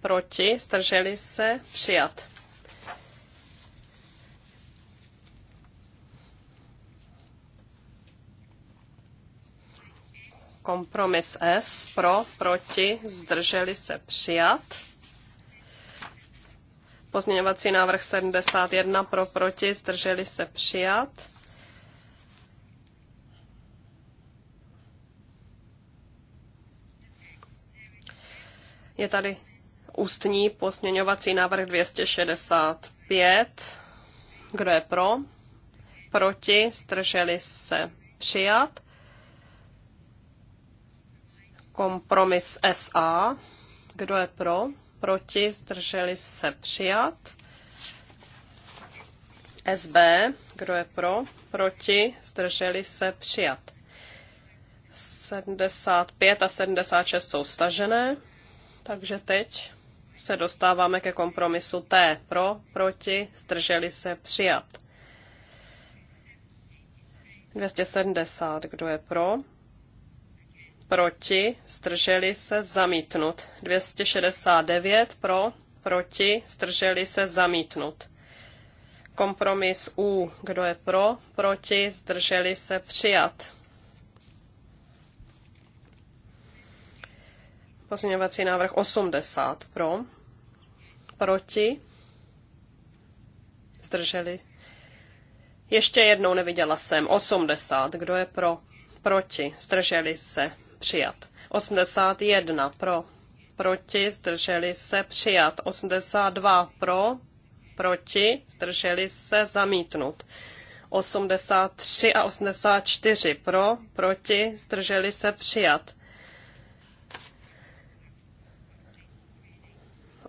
proti, zdrželi se, přijat. Kompromis S, pro, proti, zdrželi se, přijat. Pozměňovací návrh 71, pro, proti, zdrželi se, přijat. Je tady ústní posměňovací návrh 265. Kdo je pro? Proti? Strželi se? Přijat. Kompromis SA. Kdo je pro? Proti? Zdrželi se? Přijat. SB. Kdo je pro? Proti? Zdrželi se? Přijat. 75 a 76 jsou stažené. Takže teď se dostáváme ke kompromisu T. Pro, proti, zdrželi se, přijat. 270, kdo je pro? Proti, zdrželi se, zamítnut. 269 pro, proti, zdrželi se, zamítnut. Kompromis U, kdo je pro, proti, zdrželi se, přijat. Pozměňovací návrh 80 pro, proti, zdrželi. Ještě jednou neviděla jsem. 80, kdo je pro, proti, zdrželi se, přijat. 81 pro, proti, zdrželi se, přijat. 82 pro, proti, zdrželi se, zamítnut. 83 a 84 pro, proti, zdrželi se, přijat.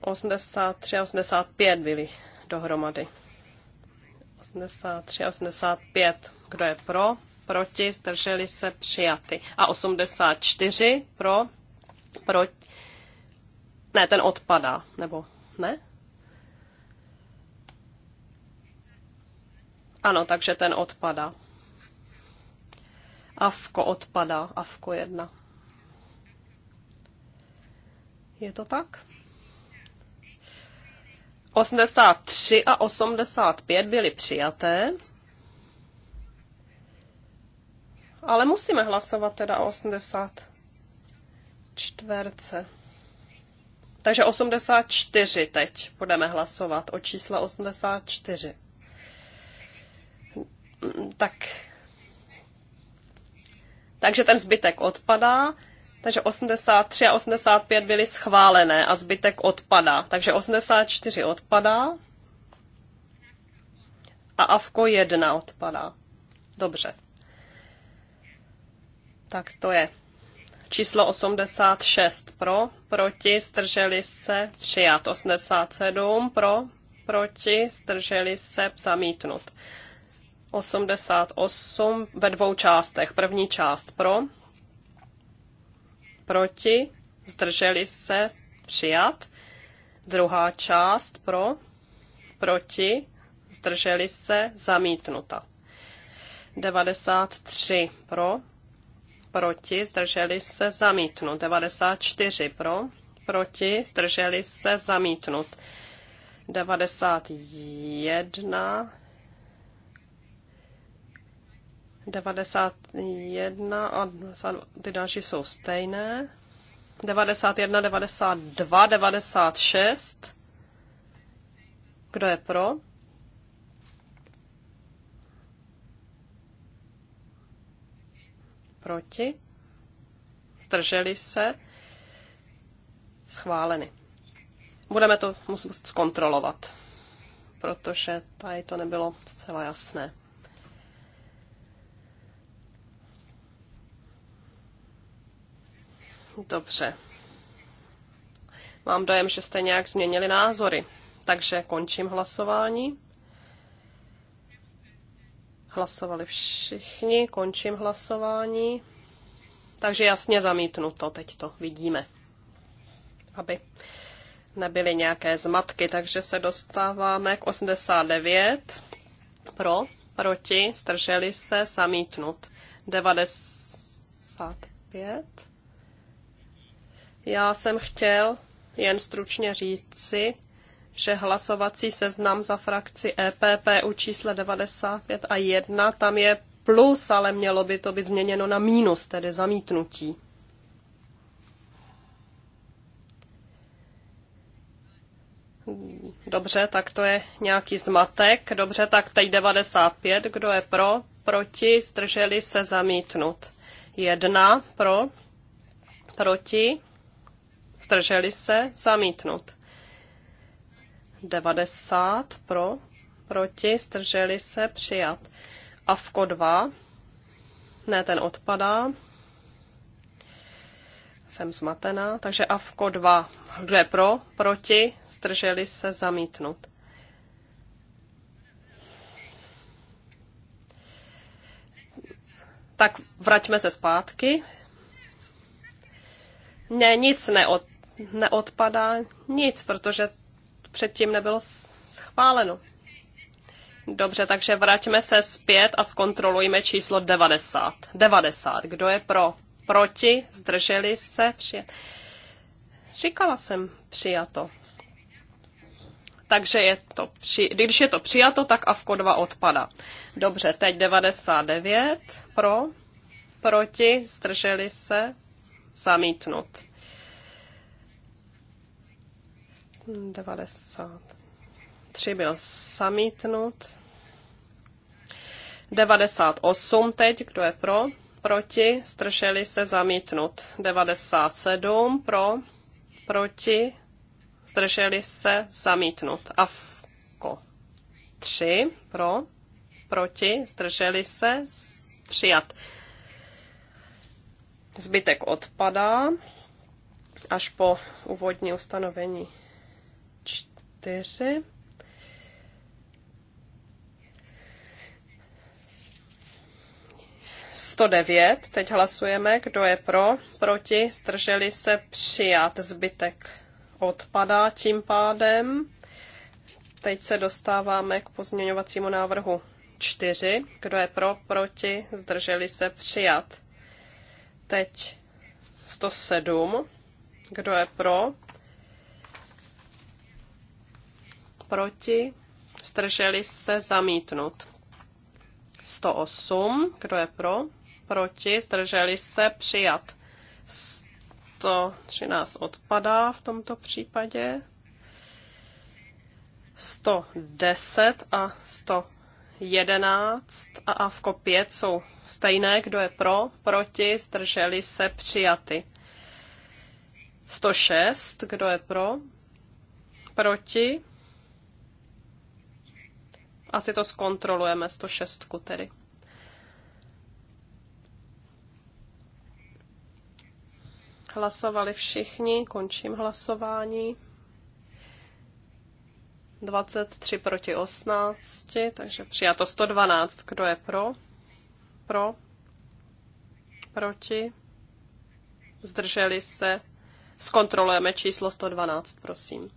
83 a 85 byly dohromady. 83 a 85. Kdo je pro? Proti? Zdrželi se přijaty. A 84 pro? Proti? Ne, ten odpadá. Nebo ne? Ano, takže ten odpadá. Avko odpadá. Avko 1. Je to tak? 83 a 85 byly přijaté. Ale musíme hlasovat teda o 84. Takže 84 teď budeme hlasovat o čísle 84. Mm, tak. Takže ten zbytek odpadá. Takže 83 a 85 byly schválené a zbytek odpadá. Takže 84 odpadá a Afko 1 odpadá. Dobře. Tak to je. Číslo 86 pro, proti, strželi se, přijat. 87 pro, proti, strželi se, zamítnut. 88 ve dvou částech. První část pro, proti, zdrželi se, přijat. Druhá část pro, proti, zdrželi se, zamítnuta. 93 pro, proti, zdrželi se, zamítnut. 94 pro, proti, zdrželi se, zamítnut. 91 91 a ty další jsou stejné. 91, 92, 96. Kdo je pro? Proti? Zdrželi se? Schváleny. Budeme to muset zkontrolovat, protože tady to nebylo zcela jasné. Dobře. Mám dojem, že jste nějak změnili názory, takže končím hlasování. Hlasovali všichni, končím hlasování. Takže jasně To teď to vidíme. Aby nebyly nějaké zmatky, takže se dostáváme k 89. Pro, proti, strželi se, zamítnut. 95. Já jsem chtěl jen stručně říci, že hlasovací seznam za frakci EPP u čísle 95 a 1, tam je plus, ale mělo by to být změněno na mínus, tedy zamítnutí. Dobře, tak to je nějaký zmatek. Dobře, tak teď 95. Kdo je pro? Proti? Zdrželi se zamítnut. Jedna pro? Proti? Zdrželi se? Zamítnut. 90 pro, proti, zdrželi se, přijat. Afko 2, ne, ten odpadá. Jsem zmatená. Takže Afko 2, kdo je pro, proti, zdrželi se, zamítnut. Tak vraťme se zpátky. Ne, nic neod, neodpadá, nic, protože předtím nebylo schváleno. Dobře, takže vraťme se zpět a zkontrolujme číslo 90. 90. Kdo je pro? Proti? Zdrželi se? Přijat. Říkala jsem přijato. Takže je to při... když je to přijato, tak AFKO 2 odpada. Dobře, teď 99. Pro? Proti? Zdrželi se? zamítnut. 93 byl zamítnut. 98 teď, kdo je pro? Proti, strželi se zamítnut. 97 pro, proti, strželi se zamítnut. Avko 3 pro, proti, strželi se přijat. Zbytek odpadá až po úvodní ustanovení 4. Sto devět, teď hlasujeme, kdo je pro, proti, zdrželi se přijat, zbytek odpadá tím pádem. Teď se dostáváme k pozměňovacímu návrhu 4. Kdo je pro, proti, zdrželi se přijat. Teď 107. Kdo je pro? Proti? Strželi se zamítnut. 108. Kdo je pro? Proti? Zdrželi se přijat. 113 odpadá v tomto případě. 110 a 100. 11 a AFKO 5 jsou stejné, kdo je pro, proti, zdrželi se, přijaty. 106, kdo je pro, proti, asi to zkontrolujeme, 106 tedy. Hlasovali všichni, končím hlasování. 23 proti 18, takže přijato 112. Kdo je pro? Pro? Proti? Zdrželi se? Zkontrolujeme číslo 112, prosím.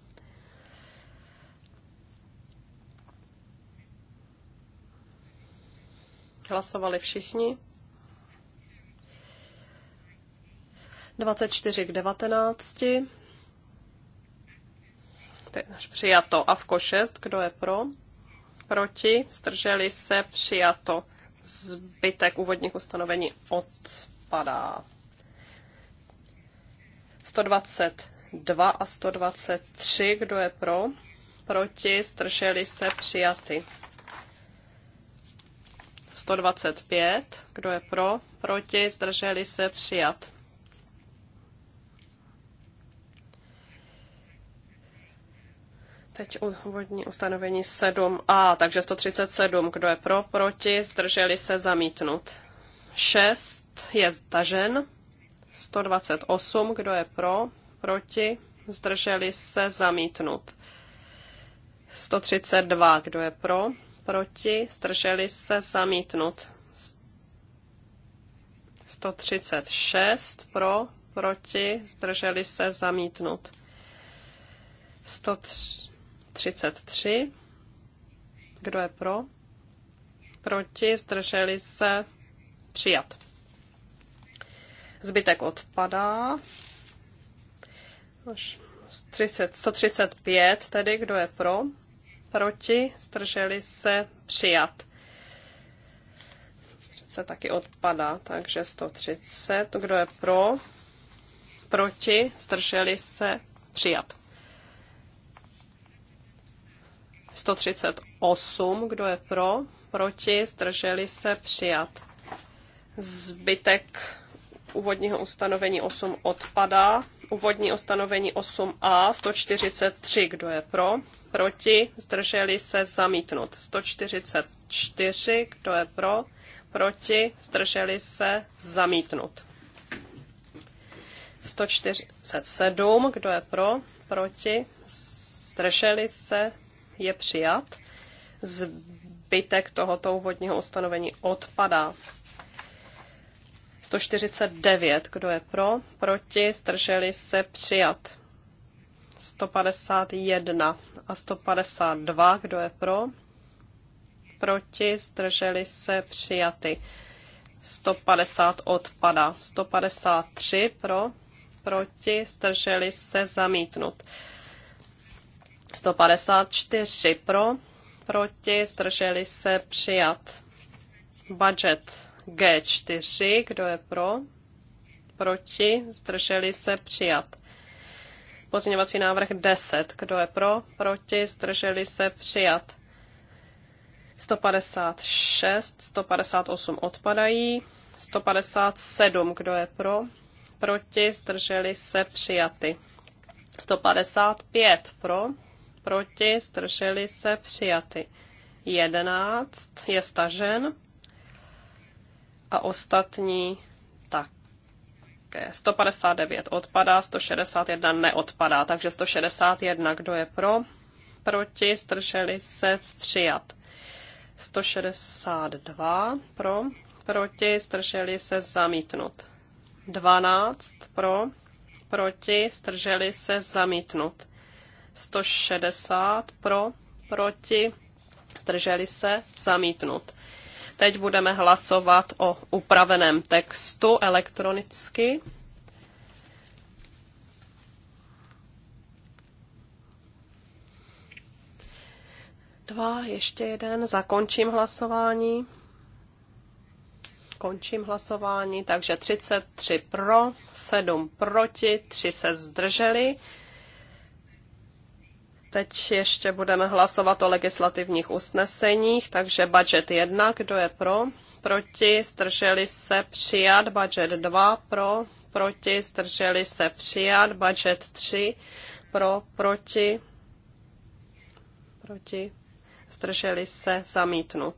Hlasovali všichni. 24 k 19 přijato. a v 6, kdo je pro? Proti, zdrželi se, přijato. Zbytek úvodních ustanovení odpadá. 122 a 123, kdo je pro? Proti, zdrželi se, přijaty. 125, kdo je pro? Proti, zdrželi se, přijat. Teď úvodní ustanovení 7a, takže 137, kdo je pro, proti, zdrželi se zamítnut. 6 je zdažen, 128, kdo je pro, proti, zdrželi se zamítnut. 132, kdo je pro, proti, zdrželi se zamítnut. 136 pro, proti, zdrželi se zamítnut. 103 33. Kdo je pro? Proti, zdrželi se, přijat. Zbytek odpadá. 30, 135 tedy, kdo je pro? Proti, zdrželi se, přijat. Se taky odpadá, takže 130. Kdo je pro? Proti, zdrželi se, přijat. 138, kdo je pro, proti, zdrželi se, přijat. Zbytek úvodního ustanovení 8 odpadá. Úvodní ustanovení 8a, 143, kdo je pro, proti, zdrželi se, zamítnut. 144, kdo je pro, proti, zdrželi se, zamítnut. 147, kdo je pro, proti, zdrželi se, je přijat. Zbytek tohoto úvodního ustanovení odpadá. 149. Kdo je pro? Proti? strželi se přijat. 151 a 152. Kdo je pro? Proti? strželi se přijaty. 150 odpada. 153 pro? Proti? strželi se zamítnut. 154 pro, proti, zdrželi se přijat. Budget G4, kdo je pro, proti, zdrželi se přijat. Pozměňovací návrh 10, kdo je pro, proti, zdrželi se přijat. 156, 158 odpadají. 157, kdo je pro, proti, zdrželi se přijaty. 155 pro, proti, zdrželi se, přijaty. 11 je stažen a ostatní také. 159 odpadá, 161 neodpadá, takže 161, kdo je pro, proti, zdrželi se, přijat. 162 pro, proti, zdrželi se, zamítnut. 12 pro, proti, zdrželi se, zamítnut. 160 pro, proti, zdrželi se, zamítnut. Teď budeme hlasovat o upraveném textu elektronicky. Dva, ještě jeden, zakončím hlasování. Končím hlasování, takže 33 pro, 7 proti, 3 se zdrželi. Teď ještě budeme hlasovat o legislativních usneseních, takže budget 1, kdo je pro, proti, strželi se přijat, budget 2, pro, proti, strželi se přijat, budget 3, pro, proti, proti, strželi se zamítnut.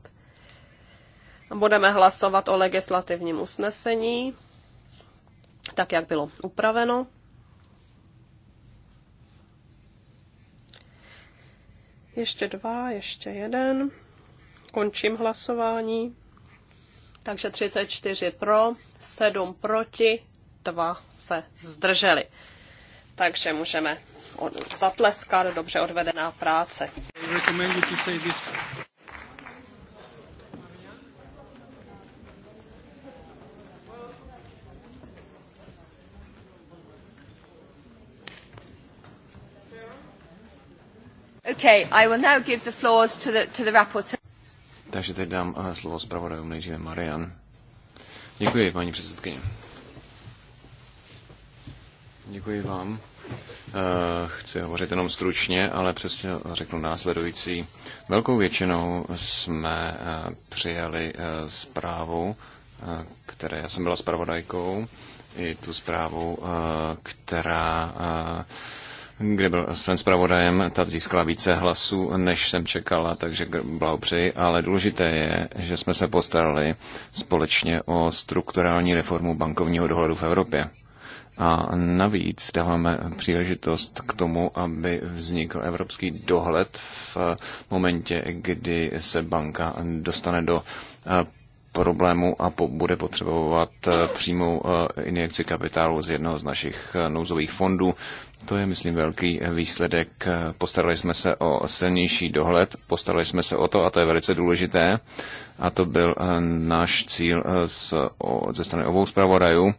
Budeme hlasovat o legislativním usnesení, tak jak bylo upraveno. Ještě dva, ještě jeden. Končím hlasování. Takže 34 pro, 7 proti, 2 se zdrželi. Takže můžeme zatleskat dobře odvedená práce. Okay, I will now give the to the, to the rapporteur. Takže teď dám eh, slovo zpravodajům nejdříve Marian. Děkuji, paní předsedkyně. Děkuji vám. Eh, chci hovořit jenom stručně, ale přesně řeknu následující. Velkou většinou jsme eh, přijali zprávu, které já jsem byla zpravodajkou, i tu zprávu, která kde byl Sven zpravodajem, ta získala více hlasů, než jsem čekala, takže blahopřeji, ale důležité je, že jsme se postarali společně o strukturální reformu bankovního dohledu v Evropě. A navíc dáváme příležitost k tomu, aby vznikl evropský dohled v momentě, kdy se banka dostane do eh, problému a po, bude potřebovat eh, přímou eh, injekci kapitálu z jednoho z našich nouzových fondů. To je, myslím, velký výsledek. Postarali jsme se o silnější dohled, postarali jsme se o to, a to je velice důležité, a to byl eh, náš cíl z, eh, ze strany obou zpravodajů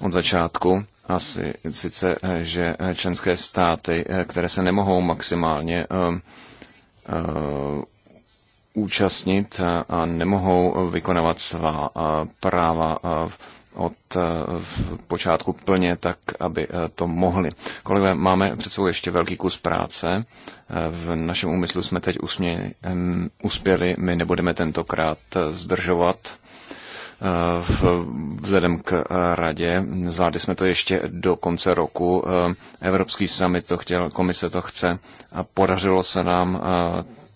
od začátku. A sice, eh, že členské státy, které se nemohou maximálně účastnit a nemohou vykonávat svá práva od eh, počátku plně tak, aby eh, to mohli. Kolegové, máme před sebou ještě velký kus práce. Eh, v našem úmyslu jsme teď usmě, uspěli, my nebudeme tentokrát zdržovat vzhledem k radě. Zvládli jsme to ještě do konce roku. Evropský summit to chtěl, komise to chce a podařilo se nám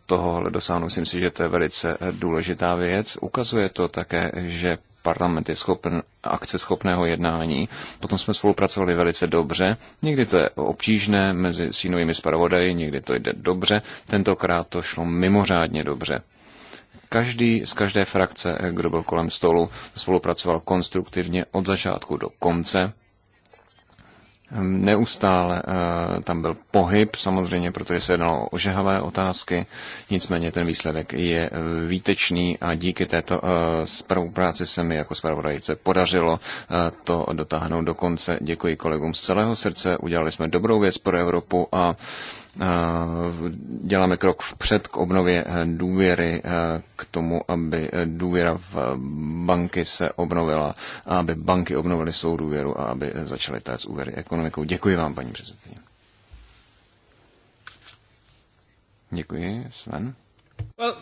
tohohle dosáhnout. Myslím si, že to je velice důležitá věc. Ukazuje to také, že parlament je schopen akceschopného jednání. Potom jsme spolupracovali velice dobře. Někdy to je obtížné mezi sínovými zpravodaji, někdy to jde dobře. Tentokrát to šlo mimořádně dobře každý z každé frakce, kdo byl kolem stolu, spolupracoval konstruktivně od začátku do konce Ehm, neustále eh, tam byl pohyb, samozřejmě, protože se jednalo o žehavé otázky, nicméně ten výsledek je výtečný a díky této eh, spolupráci se mi jako zpravodajice podařilo eh, to dotáhnout do konce. Děkuji kolegům z celého srdce, udělali jsme dobrou věc pro Evropu a Eh, děláme krok vpřed k obnově eh, důvěry, eh, k tomu, aby důvěra v banky se obnovila, aby banky obnovily svou důvěru a aby začaly tát s úvěry ekonomikou. Děkuji vám, paní předsedkyně. Děkuji, Sven. Well,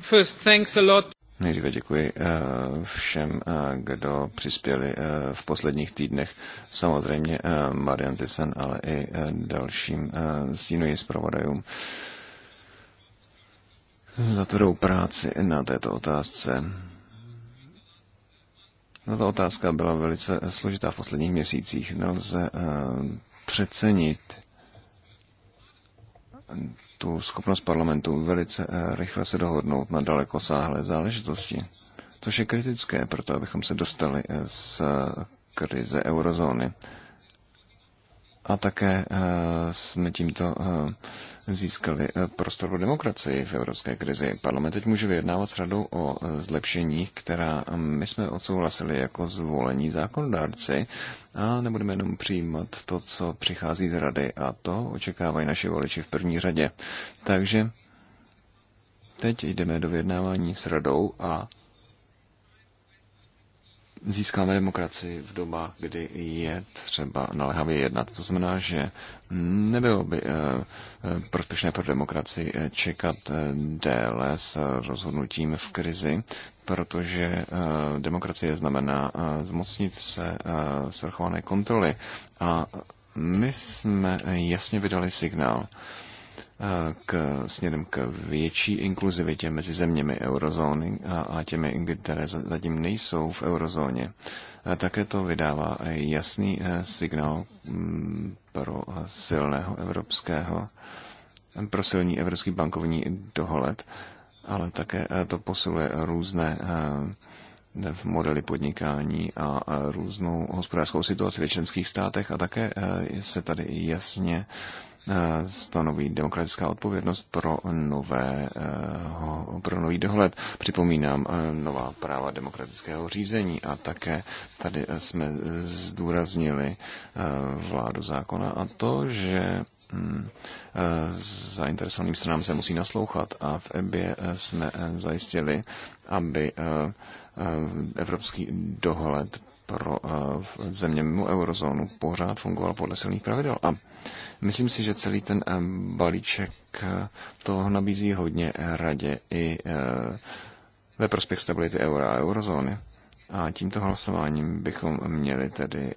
first, thanks a lot. Nejdříve děkuji eh, všem, eh, kdo přispěli eh, v posledních týdnech. Samozřejmě Marian Tysen, ale i dalším stínovým zpravodajům za tvrdou práci na této otázce. Tato otázka byla velice složitá v posledních měsících. Nelze přecenit tu schopnost parlamentu velice eh, rychle se dohodnout na sáhlé záležitosti, což je kritické, proto abychom se dostali eh, z eh, krize eurozóny. A také jsme tímto získali eh, prostor pro demokracii v evropské krizi. Parlament teď může vyjednávat s radou o eh, zlepšení, která eh, my jsme odsouhlasili jako zvolení zákonodárci a nebudeme jenom přijímat to, co přichází z rady a to očekávají naši voliči v první řadě. Takže teď jdeme do vyjednávání s radou a získáme demokracii v dobách, kdy je třeba naléhavě jednat. To znamená, že nebylo by eh, eh, prospěšné pro demokracii eh, čekat déle s rozhodnutím v krizi, protože demokracie znamená zmocnit se svrchované kontroly. A my jsme jasně vydali signál, k, směrem k větší inkluzivitě mezi zeměmi eurozóny a, a těmi, které zatím nejsou v eurozóně. Také to vydává jasný eh, signál mm, pro silného evropského, pro silný evropský bankovní dohled, ale také eh, to posiluje různé eh, v modely podnikání a různou hospodářskou situaci ve členských státech a také se tady jasně Eh, stanoví demokratická odpovědnost pro, nové, eh, pro nový dohled. Připomínám eh, nová práva demokratického řízení a také tady jsme zdůraznili vládu zákona a to, že hm, zainteresovaným stranám se musí naslouchat a v EBě jsme zajistili, aby evropský dohled pro eh, země mimo eurozónu pořád fungoval podle silných pravidel. A myslím si, že celý ten eh, balíček eh, toho nabízí hodně radě i ve prospěch stability eura a eurozóny. A tímto hlasováním bychom měli tedy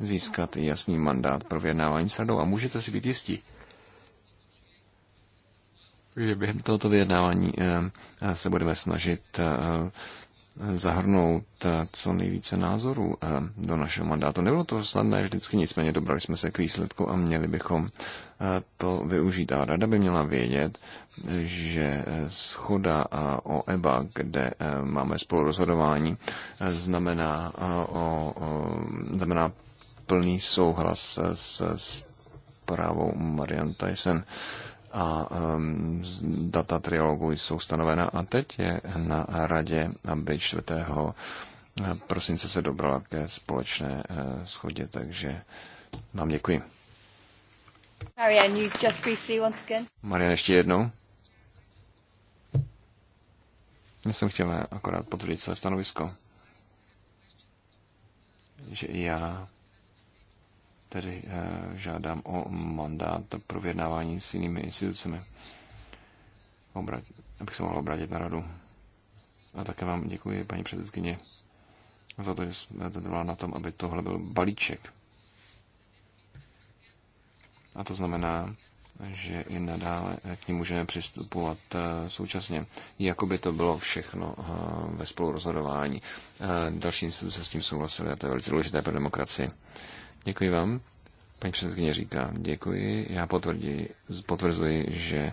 získat jasný mandát pro vyjednávání s radou. A můžete si být jistí, že během tohoto vyjednávání se budeme snažit zahrnout eh, co nejvíce názorů eh, do našeho mandátu. Nebylo to snadné vždycky, nicméně dobrali jsme se k výsledku a měli bychom eh, to využít. A rada by měla vědět, že schoda o EBA, kde máme rozhodování, znamená, o, znamená plný souhlas s právou Marian Tyson a um, data trialogu jsou stanovena a teď je na radě, aby 4. prosince se dobrala ke společné uh, eh, schodě, takže vám děkuji. Marianne, just briefly once again. Marianne, ještě jednou. Já jsem chtěla akorát potvrdit své stanovisko, že i já tedy eh, žádám o mandát pro vyjednávání s jinými institucemi, Obrat, abych se mohl obrátit na radu. A také vám děkuji, paní předsedkyně, za to, že jsme trvala na tom, aby tohle byl balíček. A to znamená, že i nadále k ní můžeme přistupovat eh, současně, jako by to bylo všechno eh, ve spolurozhodování. Další instituce s tím souhlasily a to je velice důležité pro demokracii. Děkuji vám. Paní předsedkyně říká, děkuji. Já potvrdí, potvrzuji, že eh,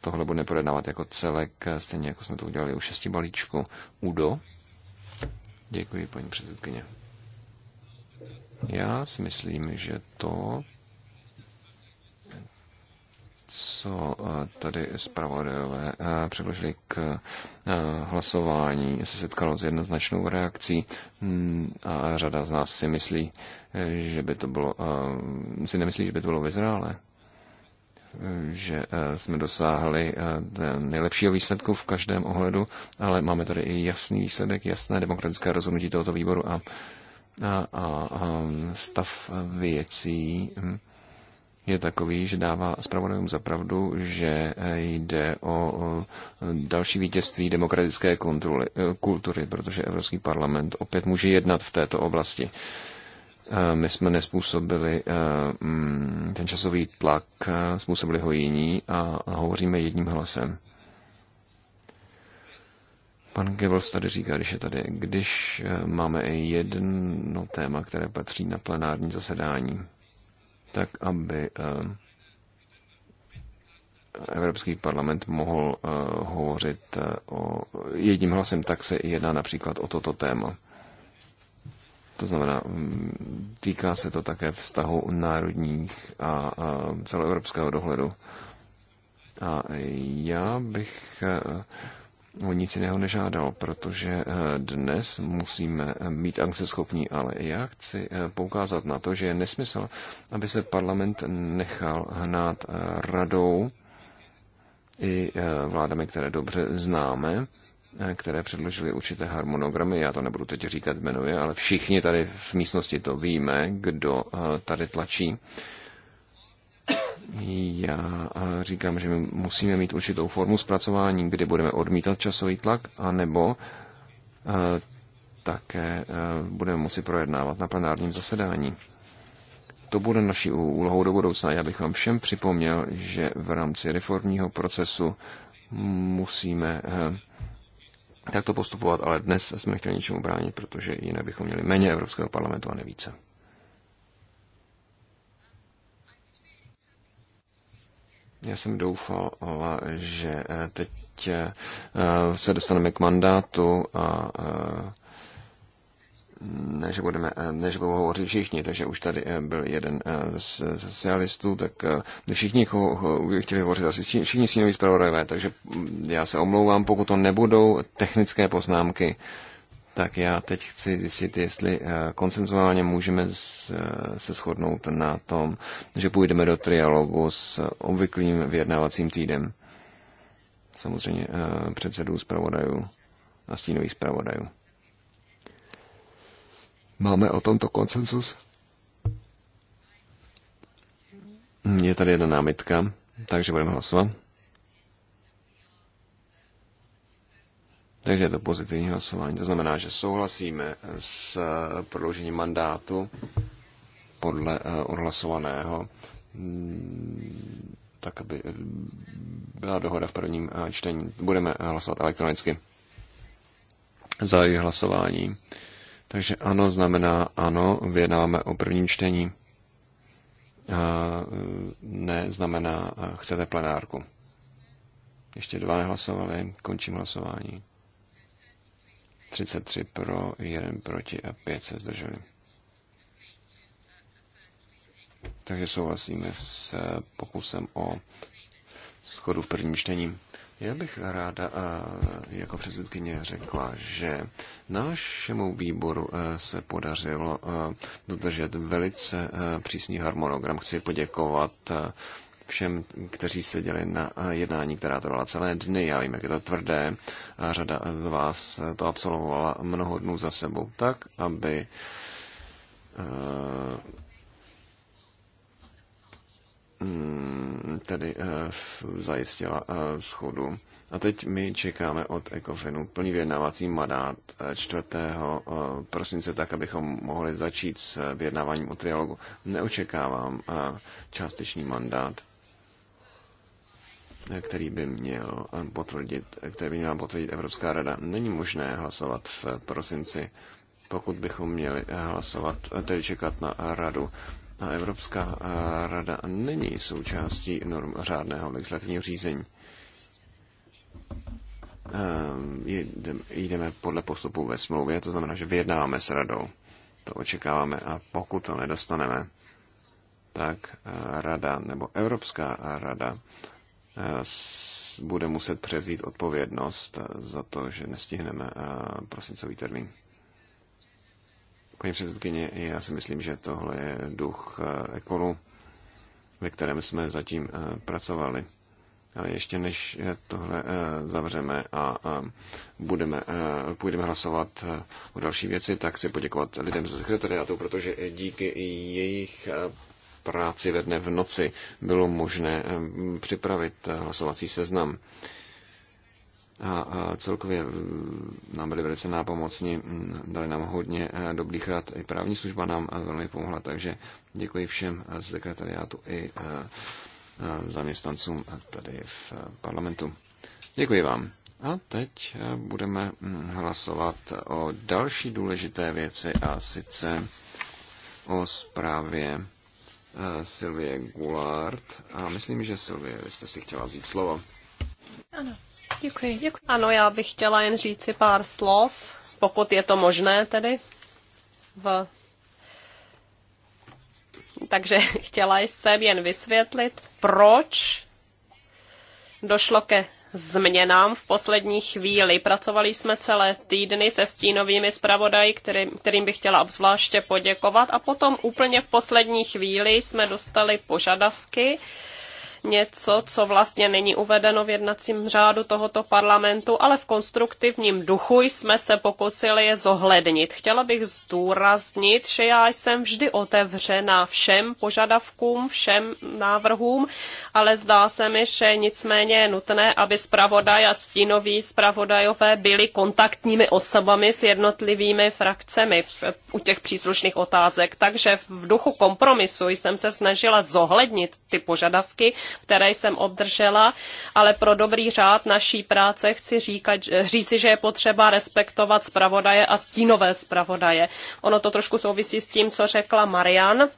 tohle bude projednávat jako celek, eh, stejně jako jsme to udělali u šesti balíčku. Udo. Děkuji, paní předsedkyně. Já si myslím, že to co eh, tady zpravodajové eh, předložili k eh, hlasování, se setkalo s jednoznačnou reakcí mm, a řada z nás si myslí, že by to bylo, si nemyslí, že by to bylo vyzrálé že jsme dosáhli nejlepšího výsledku v každém ohledu, ale máme tady i jasný výsledek, jasné demokratické rozhodnutí tohoto výboru a, a, a stav věcí hm, je takový, že dává zpravodajům zapravdu, že eh, jde o další vítězství demokratické kontroly, eh, kultury, protože Evropský parlament opět může jednat v této oblasti. Eh, my jsme nespůsobili mm, ten časový tlak, způsobili ho jiní a hovoříme jedním hlasem. Pan Gevels tady říká, když je tady, když máme jedno téma, které patří na plenární zasedání, tak aby eh, Evropský parlament mohl eh, hovořit eh, o jedním hlasem, tak se jedná například o toto téma. To znamená, mm, týká se to také vztahu národních a celoevropského dohledu. A já bych o nic jiného nežádal, protože eh, dnes musíme eh, být anxieschopní, ale já chci eh, poukázat na to, že je nesmysl, aby se parlament nechal hnát radou i vládami, které dobře známe, které předložili určité harmonogramy. Já to nebudu teď říkat jmenově, ale všichni tady v místnosti to víme, kdo tady tlačí já říkám, že my musíme mít určitou formu zpracování, kdy budeme odmítat časový tlak, anebo také budeme moci projednávat na plenárním zasedání. To bude naší úlohou do budoucna. Já bych vám všem připomněl, že v rámci reformního procesu musíme takto postupovat, ale dnes jsme chtěli něčemu bránit, protože jinak bychom měli méně Evropského parlamentu a ne více. Já jsem doufal, že eh, teď eh, se dostaneme k mandátu a eh, ne, že budeme, ne, že budou hovořit všichni, takže už tady byl jeden z socialistů, tak všichni chtěli hovořit asi všichni sínoví zpravodajové, takže mm, já se omlouvám, pokud to nebudou technické poznámky, tak já teď chci zjistit, jestli eh, konsenzuálně můžeme eh, se shodnout na tom, že půjdeme do trialogu s obvyklým vyjednávacím týdem. Samozřejmě eh, předsedů zpravodajů a stínových zpravodajů. Máme o tomto konsenzus? Je tady jedna námitka, takže budeme hlasovat. Takže je to pozitivní hlasování. To znamená, že souhlasíme s prodloužením mandátu podle eh, odhlasovaného, mm, tak aby byla dohoda v prvním eh, čtení. Budeme hlasovat elektronicky. za její hlasování. Takže ano znamená ano, vyjednáváme o prvním čtení. Eh, ne znamená chcete plenárku. Ještě dva nehlasovali, končím hlasování. 33 pro, 1 proti a 5 se zdrželi. Takže souhlasíme s pokusem o schodu v prvním čtení. Já bych ráda jako předsedkyně řekla, že našemu výboru se podařilo dodržet velice přísný harmonogram. Chci poděkovat všem, kteří seděli na eh, jednání, která trvala celé dny. Já vím, jak je to tvrdé. A řada z vás to absolvovala mnoho dnů za sebou tak, aby eh, mm, tedy eh, zajistila schodu. A teď my čekáme od Ecofinu plný vyjednávací mandát 4. prosince, tak abychom mohli začít s vyjednáváním o trialogu. Neočekávám částečný mandát který by měl potvrdit, který by měla potvrdit Evropská rada. Není možné hlasovat v prosinci, pokud bychom měli hlasovat, tedy čekat na radu. A Evropská rada není součástí norm řádného legislativního řízení. Ehm, jdeme podle postupu ve smlouvě, to znamená, že vyjednáváme s radou. To očekáváme a pokud to nedostaneme, tak eh, rada nebo Evropská rada Eh, bude muset převzít odpovědnost eh, za to, že nestihneme eh, prosincový termín. Paní předsedkyně, já si myslím, že tohle je duch ekolu, ve kterém jsme zatím pracovali. Ale ještě než tohle zavřeme a budeme, půjdeme hlasovat o další věci, tak chci poděkovat lidem ze sekretariátu, protože díky jejich práci ve dne v noci bylo možné připravit eh, hlasovací seznam. A celkově mm, nám byli velice nápomocní, mm, dali nám hodně eh, dobrých rad. I právní služba nám eh, velmi pomohla, takže děkuji všem z sekretariátu i zaměstnancům tady v parlamentu. Děkuji vám. A teď budeme mm, hlasovat o další důležité věci a sice o zprávě Eh, Silvie Goulart. A myslím, že Silvie, vy jste si chtěla vzít slovo. Ano, děkuji, děkuji. Ano, já bych chtěla jen si pár slov, pokud je to možné tedy. V... Takže chtěla jsem jen vysvětlit, proč došlo ke změnám v poslední chvíli. Pracovali jsme celé týdny se stínovými zpravodaji, který, kterým bych chtěla obzvláště poděkovat. A potom úplně v poslední chvíli jsme dostali požadavky, něco, co vlastně není uvedeno v jednacím řádu tohoto parlamentu, ale v konstruktivním duchu jsme se pokusili je zohlednit. Chtěla bych zdůraznit, že já jsem vždy otevřena všem požadavkům, všem návrhům, ale zdá se mi, že nicméně je nutné, aby zpravodaj a stínoví zpravodajové byli kontaktními osobami s jednotlivými frakcemi v, u těch příslušných otázek. Takže v duchu kompromisu jsem se snažila zohlednit ty požadavky, které jsem obdržela, ale pro dobrý řád naší práce chci říkat, říci, že je potřeba respektovat zpravodaje a stínové zpravodaje. Ono to trošku souvisí s tím, co řekla Marian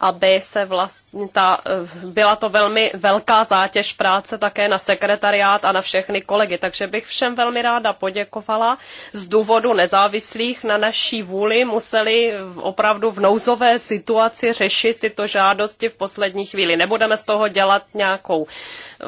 aby se vlastně ta, eh, byla to velmi velká zátěž práce také na sekretariát a na všechny kolegy. Takže bych všem velmi ráda poděkovala. Z důvodu nezávislých na naší vůli museli opravdu v nouzové situaci řešit tyto žádosti v poslední chvíli. Nebudeme z toho dělat nějakou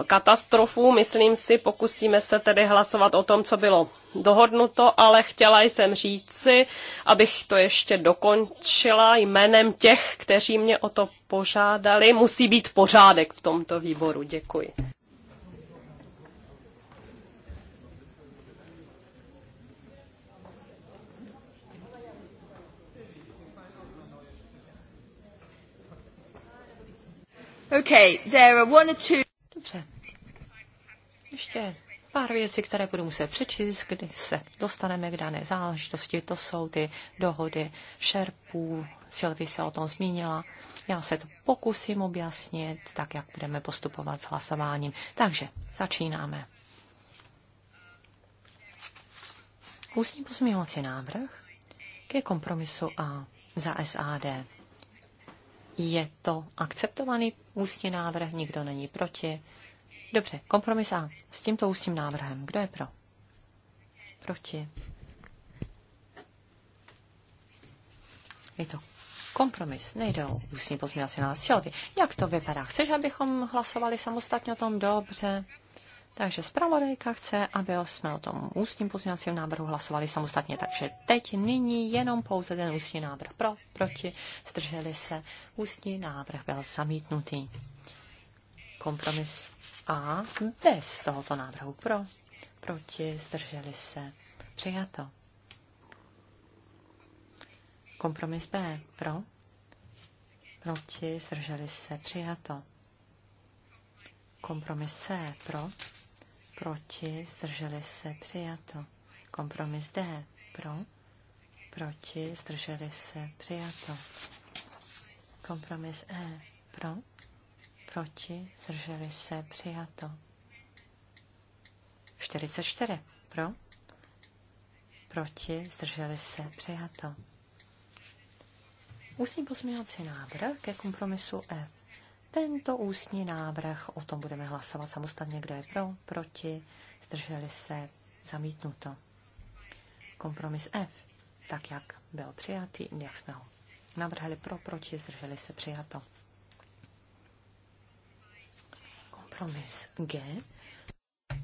katastrofu. Myslím si, pokusíme se tedy hlasovat o tom, co bylo dohodnuto, ale chtěla jsem říci, abych to ještě dokončila jménem těch, kteří mě o to požádali. Musí být pořádek v tomto výboru. Děkuji. Okay, there are one or two... Dobře. Ještě Pár věcí, které budu muset přečíst, když se dostaneme k dané záležitosti, to jsou ty dohody šerpů, Silvi se o tom zmínila. Já se to pokusím objasnit, tak jak budeme postupovat s hlasováním. Takže začínáme. Ústní pozměňovací návrh ke kompromisu A za SAD. Je to akceptovaný ústní návrh, nikdo není proti. Dobře, kompromis A. S tímto ústním návrhem. Kdo je pro? Proti. Je to kompromis, nejde o ústní pozměnací návrh Silvi, Jak to vypadá? Chceš, abychom hlasovali samostatně o tom? Dobře. Takže zpravodajka chce, aby jsme o tom ústním pozměňovacím návrhu hlasovali samostatně. Takže teď nyní jenom pouze ten ústní návrh pro, proti, zdrželi se. Ústní návrh byl zamítnutý. Kompromis a bez tohoto návrhu pro, proti, zdrželi se, přijato. Kompromis B pro, proti, zdrželi se, přijato. Kompromis C pro, proti, zdrželi se, přijato. Kompromis D pro, proti, zdrželi se, přijato. Kompromis E pro, proti, zdrželi se, přijato. 44 pro, proti, zdrželi se, přijato. Ústní pozměňovací návrh ke kompromisu F. E. Tento ústní návrh, o tom budeme hlasovat samostatně, kdo je pro, proti, zdrželi se, zamítnuto. Kompromis F, tak jak byl přijatý, jak jsme ho navrhli pro, proti, zdrželi se, přijato. Kompromis G.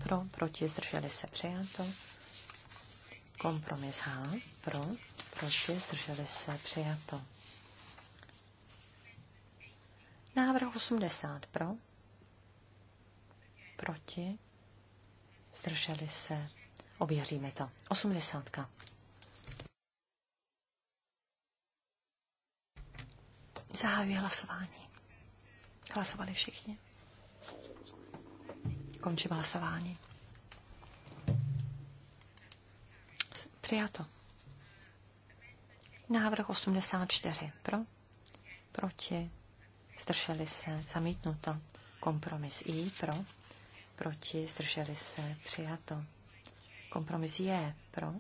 Pro, proti, zdrželi se přijato. Kompromis H. Pro, proti, zdrželi se přijato. Návrh 80 pro, proti, zdrželi se, ověříme to. 80. Zahajuji hlasování. Hlasovali všichni. Končím hlasování. Přijato. Návrh 84. Pro? Proti? Zdrželi se? Zamítnuto. Kompromis I. Pro? Proti? Zdrželi se? Přijato. Kompromis J. Pro?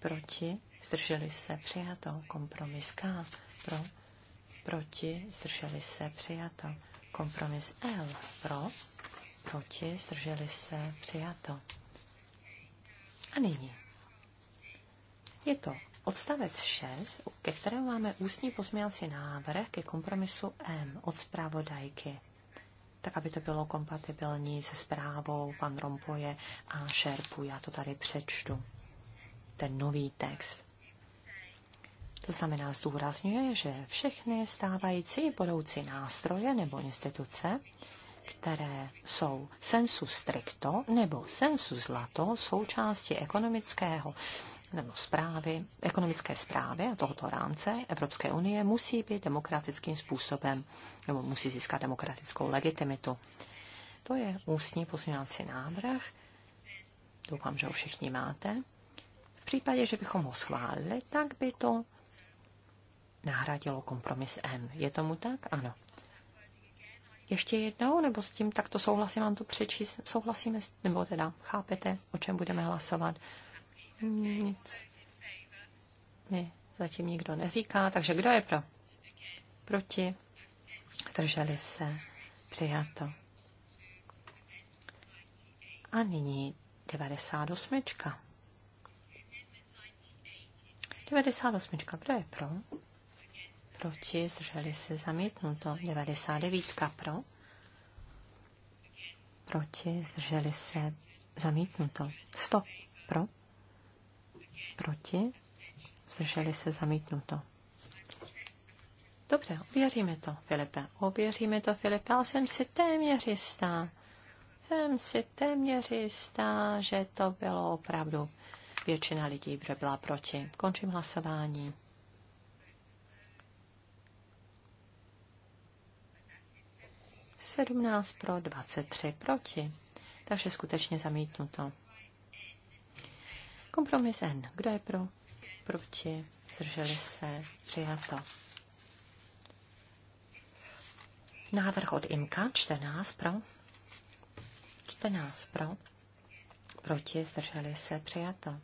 Proti? Zdrželi se? Přijato. Kompromis K. Pro? Proti? Zdrželi se? Přijato. Kompromis L. Pro? proti, zdrželi se, přijato. A nyní je to odstavec 6, ke kterému máme ústní pozměňovací návrh ke kompromisu M od zprávodajky. tak aby to bylo kompatibilní se zprávou pan Rompoje a Šerpu. Já to tady přečtu, ten nový text. To znamená, zdůrazňuje, že všechny stávající budoucí nástroje nebo instituce, které jsou sensu stricto nebo sensu zlato součástí ekonomického nebo zprávy, ekonomické zprávy a tohoto rámce Evropské unie musí být demokratickým způsobem nebo musí získat demokratickou legitimitu. To je ústní pozměňovací návrh. Doufám, že ho všichni máte. V případě, že bychom ho schválili, tak by to nahradilo kompromis M. Je tomu tak? Ano ještě jednou, nebo s tím takto souhlasím, mám to přečíst, souhlasíme, nebo teda chápete, o čem budeme hlasovat. Hmm, nic. Ne, zatím nikdo neříká, takže kdo je pro? Proti? Drželi se. Přijato. A nyní 98. 98. Kdo je pro? proti, zdrželi se zamítnuto. 99 pro, proti, zdrželi se zamítnuto. 100 pro, proti, zdrželi se zamítnuto. Dobře, uvěříme to, Filipe. Uvěříme to, Filipe, ale jsem si téměř jistá. Jsem si téměř jistá, že to bylo opravdu většina lidí, kdo byla proti. Končím hlasování. 17 pro, 23 proti. Takže skutečně zamítnuto. Kompromis N. Kdo je pro? Proti. Zdrželi se. Přijato. Návrh od Imka. 14 pro. 14 pro. Proti. Zdrželi se. Přijato.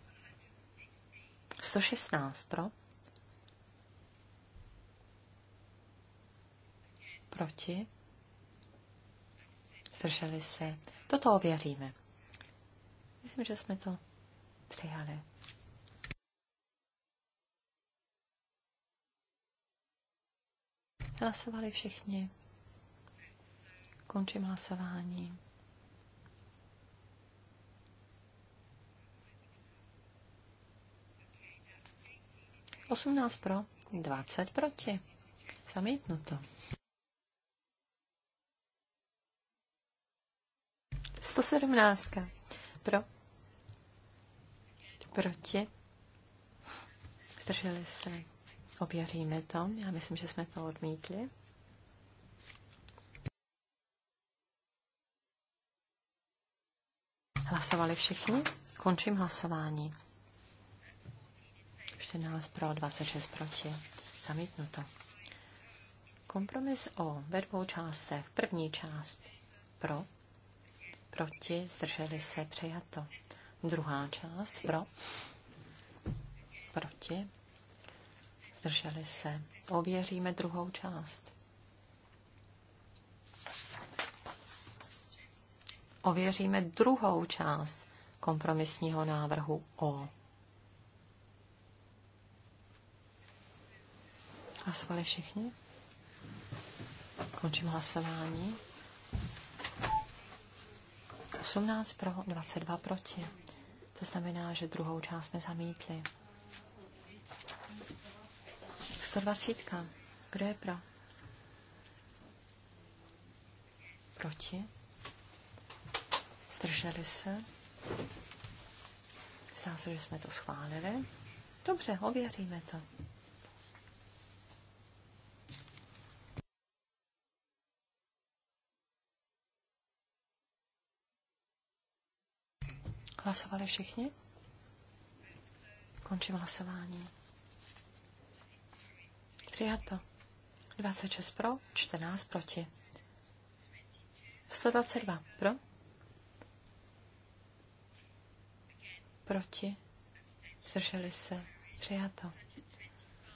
116 pro. Proti zdrželi se. Toto ověříme. Myslím, že jsme to přijali. Hlasovali všichni. Končím hlasování. Osmnáct pro, dvacet proti. Zamítnuto. 117. Pro. Proti. Zdrželi se. Ověříme to. Já myslím, že jsme to odmítli. Hlasovali všichni? Končím hlasování. 14 pro, 26 proti. Zamítnuto. Kompromis o ve dvou částech. První část pro, proti, zdrželi se, přijato. Druhá část pro, proti, zdrželi se. Ověříme druhou část. Ověříme druhou část kompromisního návrhu O. Hlasovali všichni? Končím hlasování. 18 pro, 22 proti. To znamená, že druhou část jsme zamítli. 120. Kdo je pro? Proti? Zdrželi se? Zdá se, že jsme to schválili. Dobře, ověříme to. Hlasovali všichni? Končím hlasování. Přijato. 26 pro, 14 proti. 122 pro. Proti. Zdrželi se. Přijato.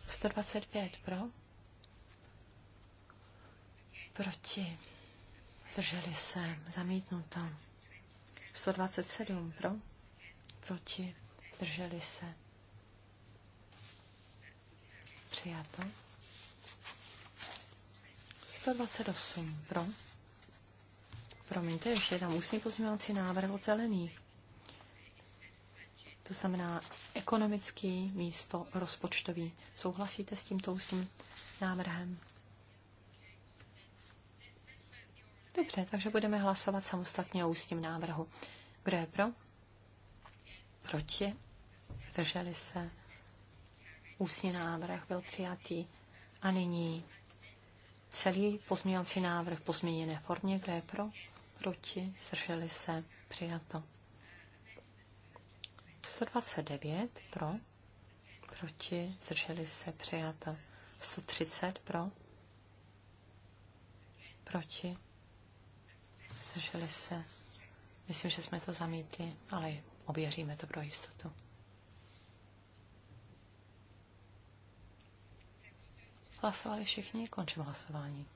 125 pro. Proti. Zdrželi se. Zamítnuto. 127 pro, proti, drželi se. Přijato. 128 pro. Promiňte, ještě je tam ústní pozměňovací návrh od zelených. To znamená ekonomický místo rozpočtový. Souhlasíte s tímto ústním návrhem? Dobře, takže budeme hlasovat samostatně o ústním návrhu. Kdo je pro? Proti? Zdrželi se? Ústní návrh byl přijatý. A nyní celý pozměňovací návrh v pozměněné formě. Kdo je pro? Proti? Zdrželi se? Přijato. 129 pro, proti, zdrželi se, přijato. 130 pro, proti, zdrželi se. Myslím, že jsme to zamítli, ale ověříme to pro jistotu. Hlasovali všichni, končím hlasování.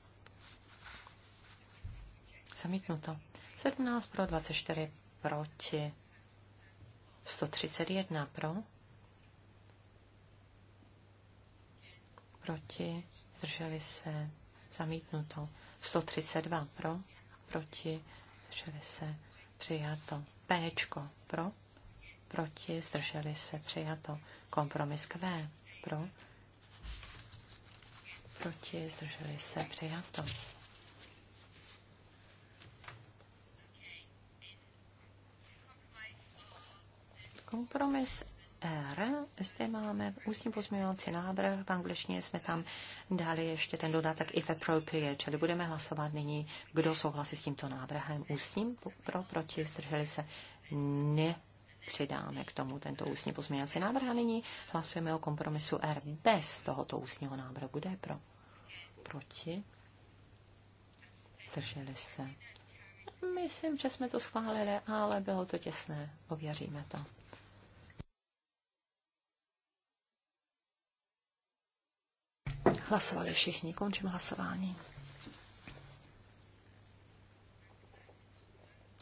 Zamítnuto. 17 pro, 24 proti, 131 pro, proti, zdrželi se, zamítnuto, 132 pro, proti, zdrželi se, přijato. P pro, proti, zdrželi se, přijato. Kompromis Q pro, proti, zdrželi se, přijato. Kompromis R. Zde máme ústní pozměňovací návrh. V angličtině jsme tam dali ještě ten dodatek if appropriate, čili budeme hlasovat nyní, kdo souhlasí s tímto návrhem ústním pro, proti, zdrželi se ne přidáme k tomu tento ústní pozměňovací návrh a nyní hlasujeme o kompromisu R bez tohoto ústního návrhu. Kdo je pro? Proti? Zdrželi se. Myslím, že jsme to schválili, ale bylo to těsné. Ověříme to. Hlasovali všichni. Končím hlasování.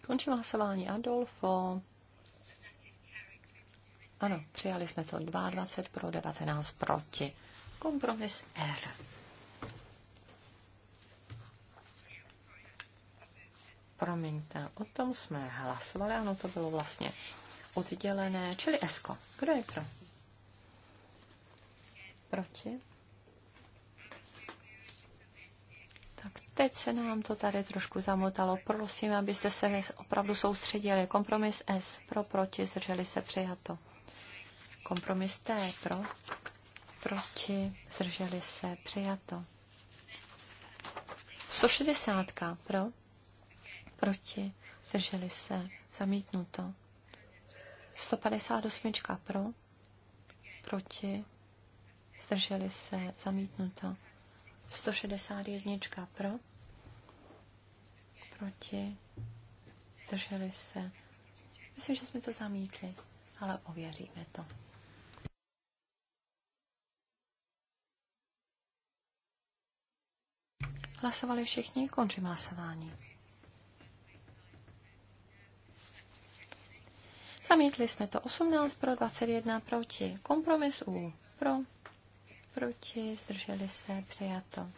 Končím hlasování Adolfo. Ano, přijali jsme to 22 pro 19 proti. Kompromis R. Promiňte, o tom jsme hlasovali, ano, to bylo vlastně oddělené, čili ESCO. Kdo je pro? Proti? Tak teď se nám to tady trošku zamotalo. Prosím, abyste se opravdu soustředili. Kompromis S pro, proti, zdrželi se přijato. Kompromis T pro, proti, zdrželi se přijato. 160 pro, proti, zdrželi se zamítnuto. 158 pro, proti, zdrželi se zamítnuto. 161 pro, proti, drželi se. Myslím, že jsme to zamítli, ale ověříme to. Hlasovali všichni, končím hlasování. Zamítli jsme to 18 pro 21 proti. Kompromis U pro Proti? Zdrželi se? Přijato.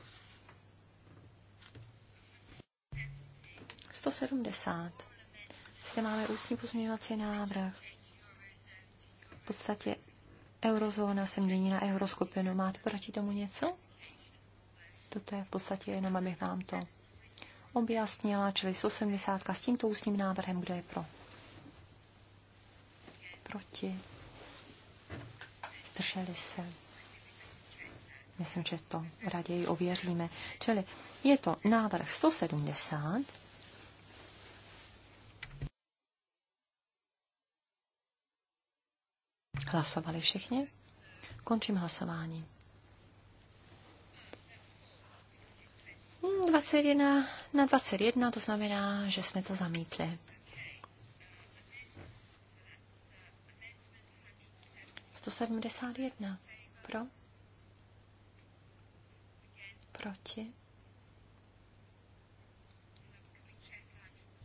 170. Zde máme ústní pozměňovací návrh. V podstatě eurozóna se mění na euroskupinu. Máte proti tomu něco? Toto je v podstatě jenom, abych vám to objasnila, čili 170 s tímto ústním návrhem, kdo je pro. Proti. Zdrželi se. Myslím, že to raději ověříme. Čili je to návrh 170. Hlasovali všichni? Končím hlasování. 21 na 21, to znamená, že jsme to zamítli. 171. Pro? Proti.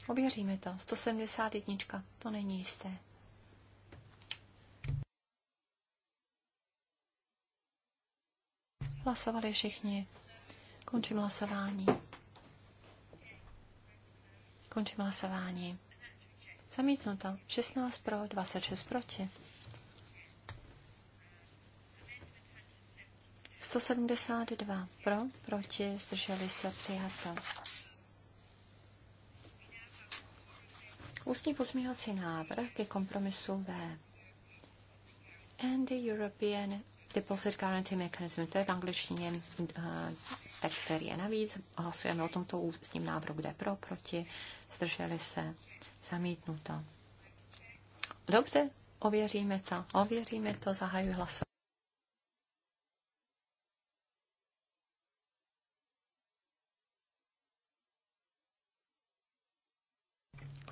Ověříme to. 171. To není jisté. Hlasovali všichni. Končím hlasování. Končím hlasování. Zamítnuto. 16 pro, 26 proti. 172 pro, proti, zdrželi se, přijata. Ústní pozměňovací návrh ke kompromisu B. And the European Deposit Guarantee Mechanism, to je v angličtině uh, text, který je navíc. Hlasujeme o tomto ústním návrhu, kde pro, proti, zdrželi se, zamítnuto. Dobře, ověříme to, ověříme to, zahajuji hlasování.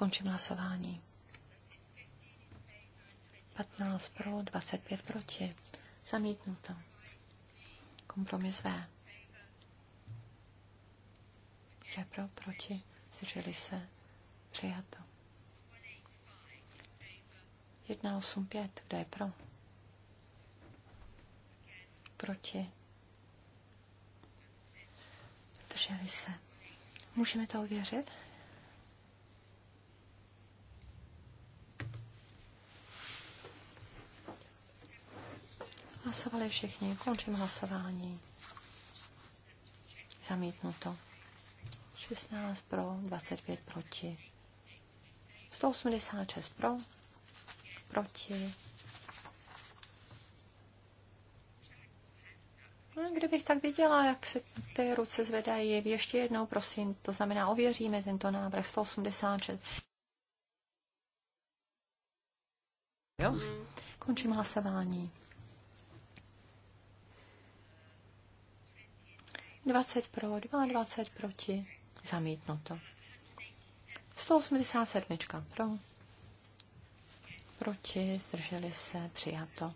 Končím hlasování. 15 pro, 25 proti. Zamítnuto. Kompromis V. Že pro, proti, zdrželi se, přijato. 1, 8, 5, kdo je pro? Proti. Zdrželi se. Můžeme to ověřit? Hlasovali všichni. Končím hlasování. Zamítnuto. 16 pro, 25 proti. 186 pro, proti. No, kdybych tak viděla, jak se ty ruce zvedají, ještě jednou, prosím, to znamená, ověříme tento návrh 186. Jo? Mhm. Končím hlasování. 20 pro, 22 proti, zamítnuto. 187 pro, proti, zdrželi se, přijato.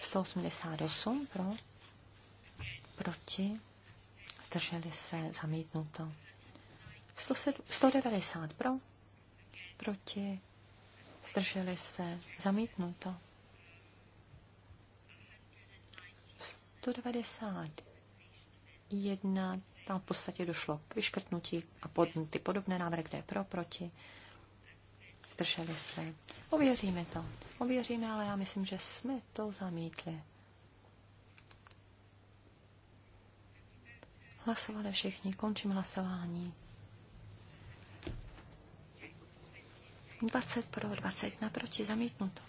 188 pro, proti, zdrželi se, zamítnuto. 190 pro, proti, zdrželi se, zamítnuto. 191 1, tam v podstatě došlo k vyškrtnutí a pod, ty podobné návrhy, kde je pro, proti, zdrželi se. Ověříme to. Ověříme, ale já myslím, že jsme to zamítli. Hlasovali všichni, končím hlasování. 20 pro, 20 naproti, zamítnuto.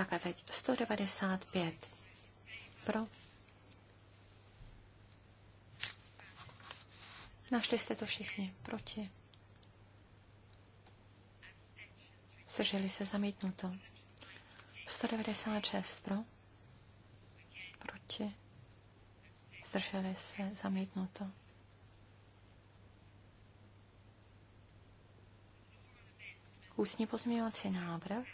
Tak a teď 195 pro. Našli jste to všichni proti. Zdrželi se zamítnuto. 196 pro. Proti. Zdrželi se zamítnuto. Ústní pozměňovací návrh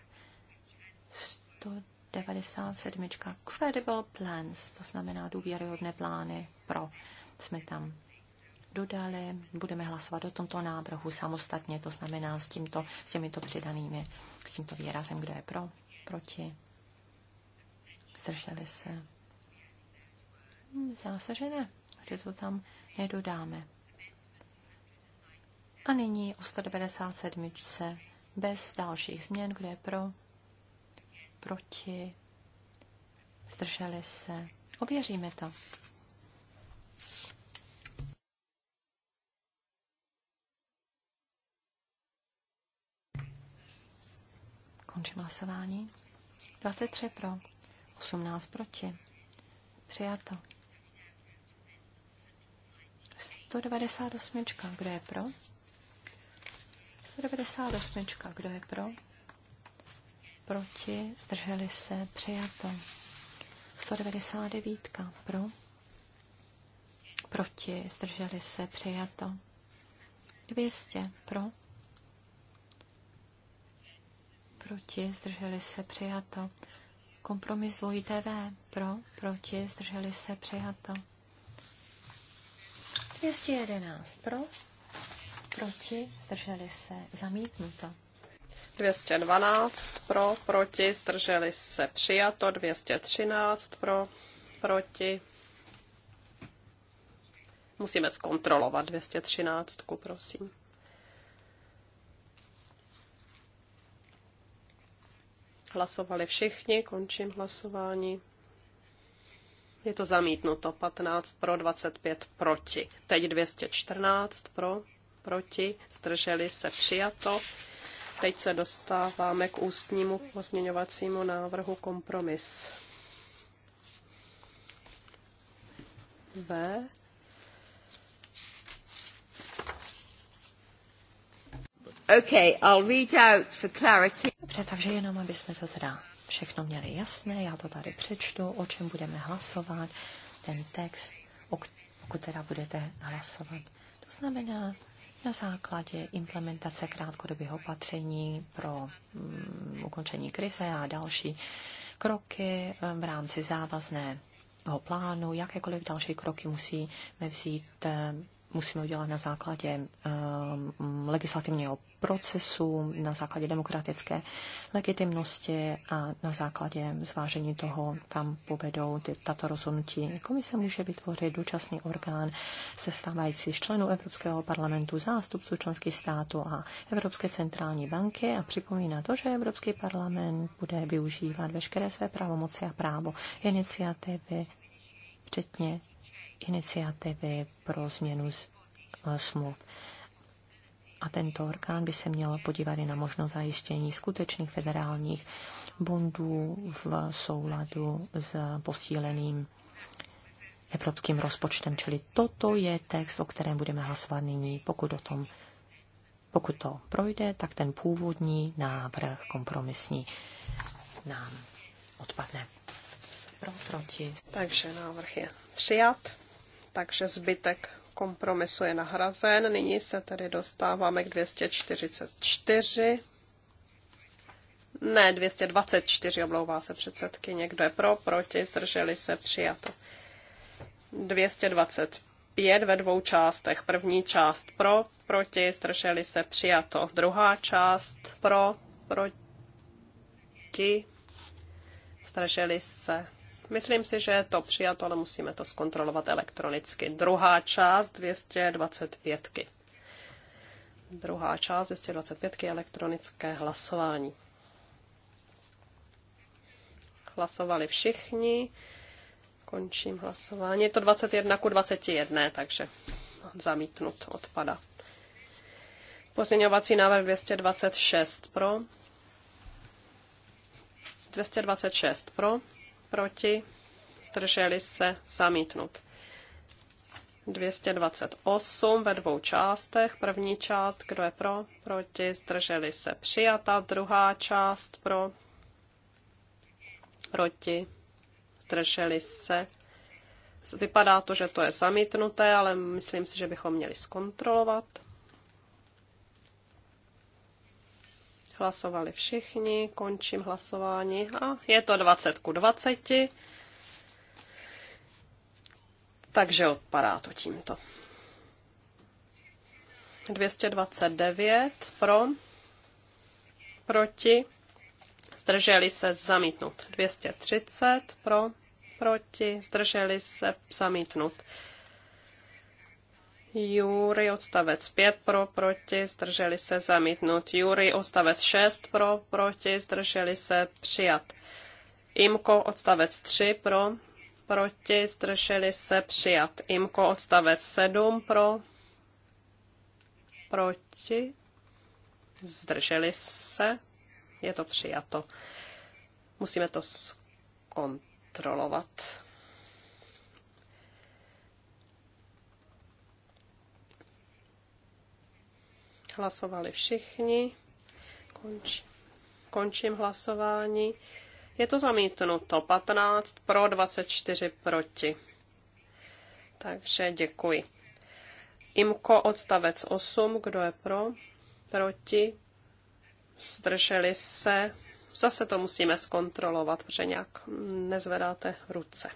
197. Credible plans, to znamená důvěryhodné plány pro. Jsme tam dodali, budeme hlasovat o tomto návrhu samostatně, to znamená s, tímto, s těmito přidanými, s tímto výrazem, kdo je pro, proti, zdrželi se. Zdá se, že ne, že to tam nedodáme. A nyní o 197. bez dalších změn, kdo je pro, proti, zdrželi se. Ověříme to. Končím hlasování. 23 pro, 18 proti. Přijato. 198. Kdo je pro? 198. Kdo je pro? proti, zdrželi se, přijato. 199 pro, proti, zdrželi se, přijato. 200 pro, proti, zdrželi se, přijato. Kompromis dvojité V, pro, proti, zdrželi se, přijato. 211 pro, proti, zdrželi se, zamítnuto. 212 pro, proti, zdrželi se přijato, 213 pro, proti. Musíme zkontrolovat 213, prosím. Hlasovali všichni, končím hlasování. Je to zamítnuto 15 pro, 25 proti. Teď 214 pro, proti, zdrželi se přijato. Teď se dostáváme k ústnímu pozměňovacímu návrhu kompromis. V. Okay, I'll read out for clarity. Dobře, takže jenom, aby jsme to teda všechno měli jasné, já to tady přečtu, o čem budeme hlasovat, ten text, o, pokud teda budete hlasovat. To znamená, na základě implementace krátkodobých opatření pro um, ukončení krize a další kroky eh, v rámci závazného plánu, jakékoliv další kroky musíme vzít eh, musíme udělat na základě um, legislativního procesu, na základě demokratické legitimnosti a na základě zvážení toho, kam povedou ty, tato rozhodnutí. Komise může vytvořit dočasný orgán sestávající z členů Evropského parlamentu, zástupců členských států a Evropské centrální banky a připomíná to, že Evropský parlament bude využívat veškeré své pravomoci a právo iniciativy, včetně iniciativy pro změnu e, smluv. A tento orgán by se měl podívat i na možnost zajištění skutečných federálních bondů v souladu s posíleným evropským rozpočtem. Čili toto je text, o kterém budeme hlasovat nyní, pokud o tom pokud to projde, tak ten původní návrh kompromisní nám odpadne. Pro, proti. Takže návrh je přijat takže zbytek kompromisu je nahrazen. Nyní se tedy dostáváme k 244. Ne, 224, oblouvá se předsedky. Někdo je pro, proti, zdrželi se, přijato. 225 ve dvou částech. První část pro, proti, zdrželi se, přijato. Druhá část pro, proti, zdrželi se, Myslím si, že je to přijato, ale musíme to zkontrolovat elektronicky. Druhá část 225. -ky. Druhá část 225 elektronické hlasování. Hlasovali všichni. Končím hlasování. Je to 21 ku 21, takže zamítnut odpada. Pozměňovací návrh 226 pro. 226 pro proti, zdrželi se, zamítnut. 228 ve dvou částech. První část, kdo je pro, proti, zdrželi se, přijata. Druhá část pro, proti, zdrželi se. Vypadá to, že to je zamítnuté, ale myslím si, že bychom měli zkontrolovat. Hlasovali všichni, končím hlasování a je to 20 ku 20. Takže odpadá to tímto. 229 pro, proti, zdrželi se zamítnut. 230 pro, proti, zdrželi se zamítnut. Jury odstavec 5 pro, proti, zdrželi se zamítnut. Jury odstavec 6 pro, proti, zdrželi se přijat. Imko odstavec 3 pro, proti, zdrželi se přijat. Imko odstavec 7 pro, proti, zdrželi se, je to přijato. Musíme to zkontrolovat. hlasovali všichni. Konč, končím hlasování. Je to zamítnuto. 15 pro, 24 proti. Takže děkuji. Imko odstavec 8, kdo je pro? Proti? Zdrželi se? Zase to musíme zkontrolovat, protože nějak nezvedáte ruce.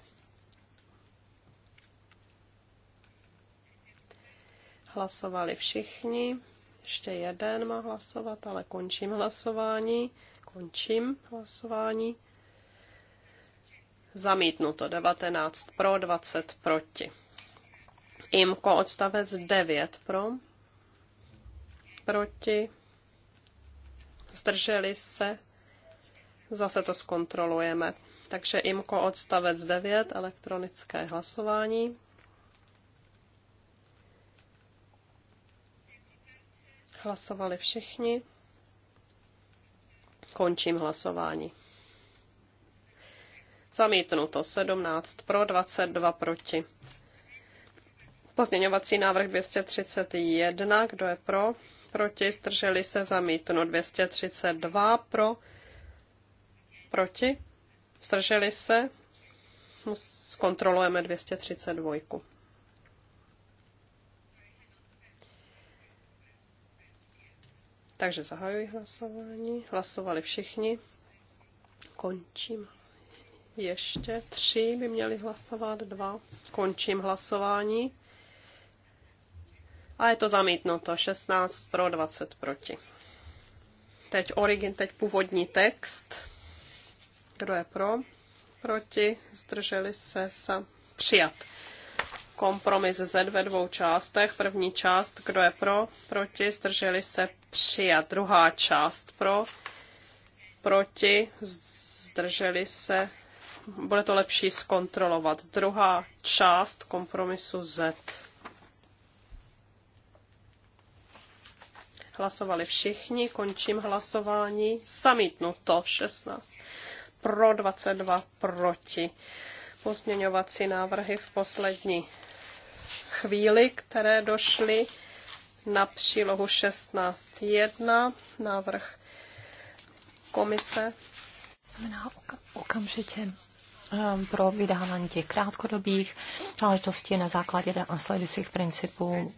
Hlasovali všichni. Ještě jeden má hlasovat, ale končím hlasování. Končím hlasování. Zamítnuto 19 pro, 20 proti. Imko odstavec 9 pro, proti, zdrželi se, zase to zkontrolujeme. Takže Imko odstavec 9, elektronické hlasování. Hlasovali všichni. Končím hlasování. Zamítnuto 17 pro, 22 proti. Pozměňovací návrh 231, kdo je pro? Proti, Strželi se zamítnuto 232 pro, proti, Strželi se. Zkontrolujeme 232. Takže zahajuji hlasování. Hlasovali všichni. Končím. Ještě tři by měli hlasovat, dva. Končím hlasování. A je to zamítnuto. 16 pro, 20 proti. Teď origin, teď původní text. Kdo je pro? Proti? Zdrželi se sa přijat. Kompromis Z ve dvou částech. První část, kdo je pro, proti, zdrželi se přijat. Druhá část pro, proti, zdrželi se. Bude to lepší zkontrolovat. Druhá část kompromisu Z. Hlasovali všichni, končím hlasování. Samítnuto 16. Pro 22 proti. Pozměňovací návrhy v poslední chvíli, které došly na přílohu 16.1, návrh komise. Znamená okamžitě ehm, pro vydávání těch krátkodobých záležitostí na základě následujících principů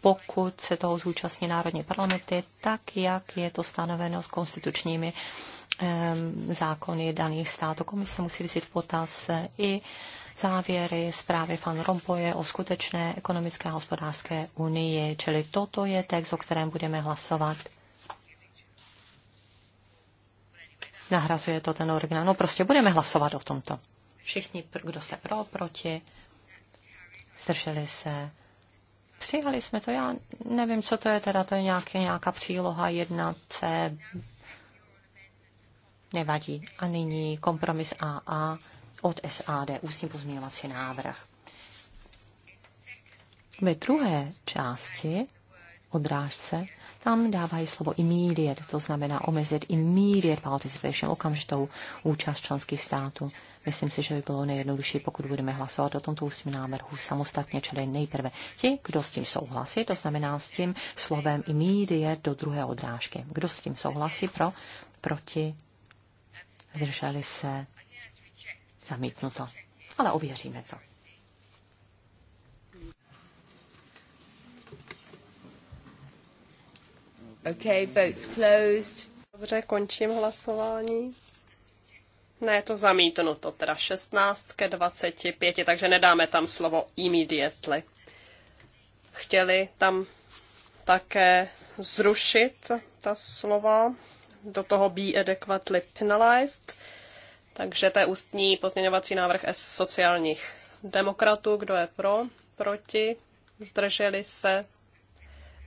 pokud se toho zúčastní národní parlamenty, tak jak je to stanoveno s konstitučními zákony daných států. Komise musí vzít v potaz eh, i závěry zprávy Van Rompoje o skutečné ekonomické a hospodářské unii. Čili toto je text, o kterém budeme hlasovat. Nahrazuje to ten originál. No prostě budeme hlasovat o tomto. Všichni, kdo se pro, proti, zdrželi se. Přijali jsme to, já nevím, co to je teda, to je nějaký, nějaká příloha 1C, Nevadí. A nyní kompromis AA od SAD, ústní pozměňovací návrh. Ve druhé části odrážce tam dávají slovo immediate, to znamená omezit immediate participation, okamžitou účast členských států. Myslím si, že by bylo nejjednodušší, pokud budeme hlasovat o tomto ústním návrhu samostatně, čili nejprve ti, kdo s tím souhlasí, to znamená s tím slovem immediate do druhé odrážky. Kdo s tím souhlasí pro, proti, zdrželi se, zamítnuto. Ale ověříme to. Okay, votes closed. Dobře, končím hlasování. Ne, to zamítnuto, teda 16 ke 25, takže nedáme tam slovo immediately. Chtěli tam také zrušit ta slova do toho be adequately penalized. Takže to je ústní pozměňovací návrh S sociálních demokratů. Kdo je pro? Proti? Zdrželi se?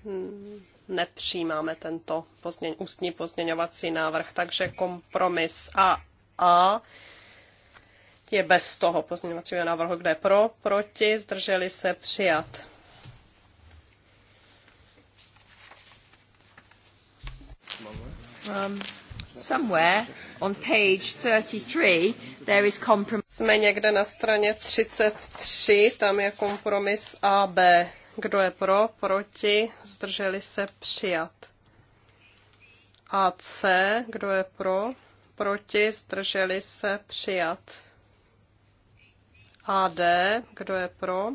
Hm, nepřijímáme tento pozměň, ústní pozměňovací návrh, takže kompromis A A je bez toho pozměňovacího návrhu, kde je pro, proti, zdrželi se, přijat. Um, Jsme někde na straně 33, tam je kompromis AB. Kdo je pro, proti, zdrželi se přijat. AC, kdo je pro, proti, zdrželi se přijat. AD, kdo je pro,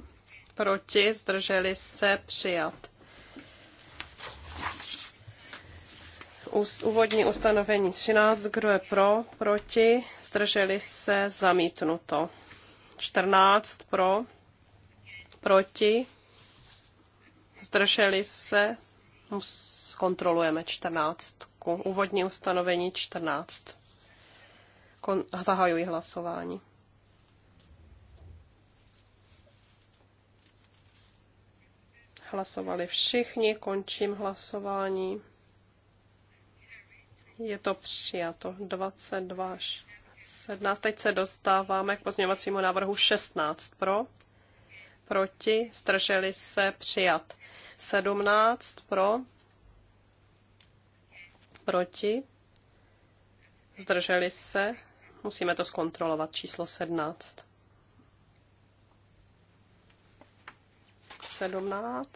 proti, zdrželi se přijat. úvodní ustanovení 13, kdo je pro, proti, zdrželi se, zamítnuto. 14 pro, proti, zdrželi se, zkontrolujeme 14. Úvodní ustanovení 14. Kon- zahajuji hlasování. Hlasovali všichni, končím hlasování je to přijato 22 až 17. Teď se dostáváme k pozměňovacímu návrhu 16 pro, proti, strželi se, přijat 17 pro, proti, zdrželi se, musíme to zkontrolovat, číslo 17. 17.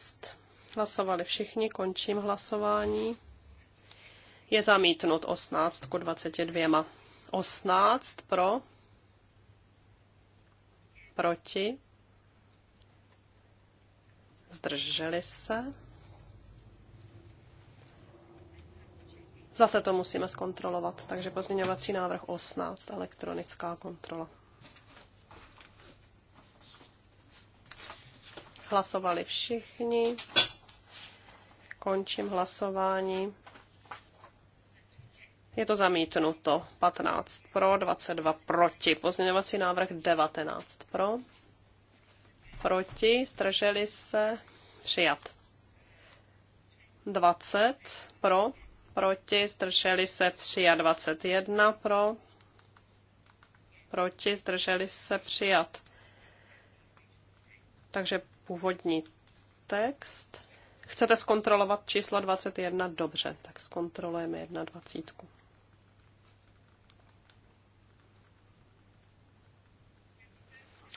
Hlasovali všichni, končím hlasování je zamítnut 18 k 22. 18 pro, proti, zdrželi se. Zase to musíme zkontrolovat, takže pozměňovací návrh 18, elektronická kontrola. Hlasovali všichni. Končím hlasování. Je to zamítnuto. 15 pro, 22 proti. Pozměňovací návrh 19 pro. Proti, strželi se, přijat. 20 pro, proti, strželi se, přijat. 21 pro, proti, strželi se, přijat. Takže původní text. Chcete zkontrolovat číslo 21? Dobře, tak zkontrolujeme 21.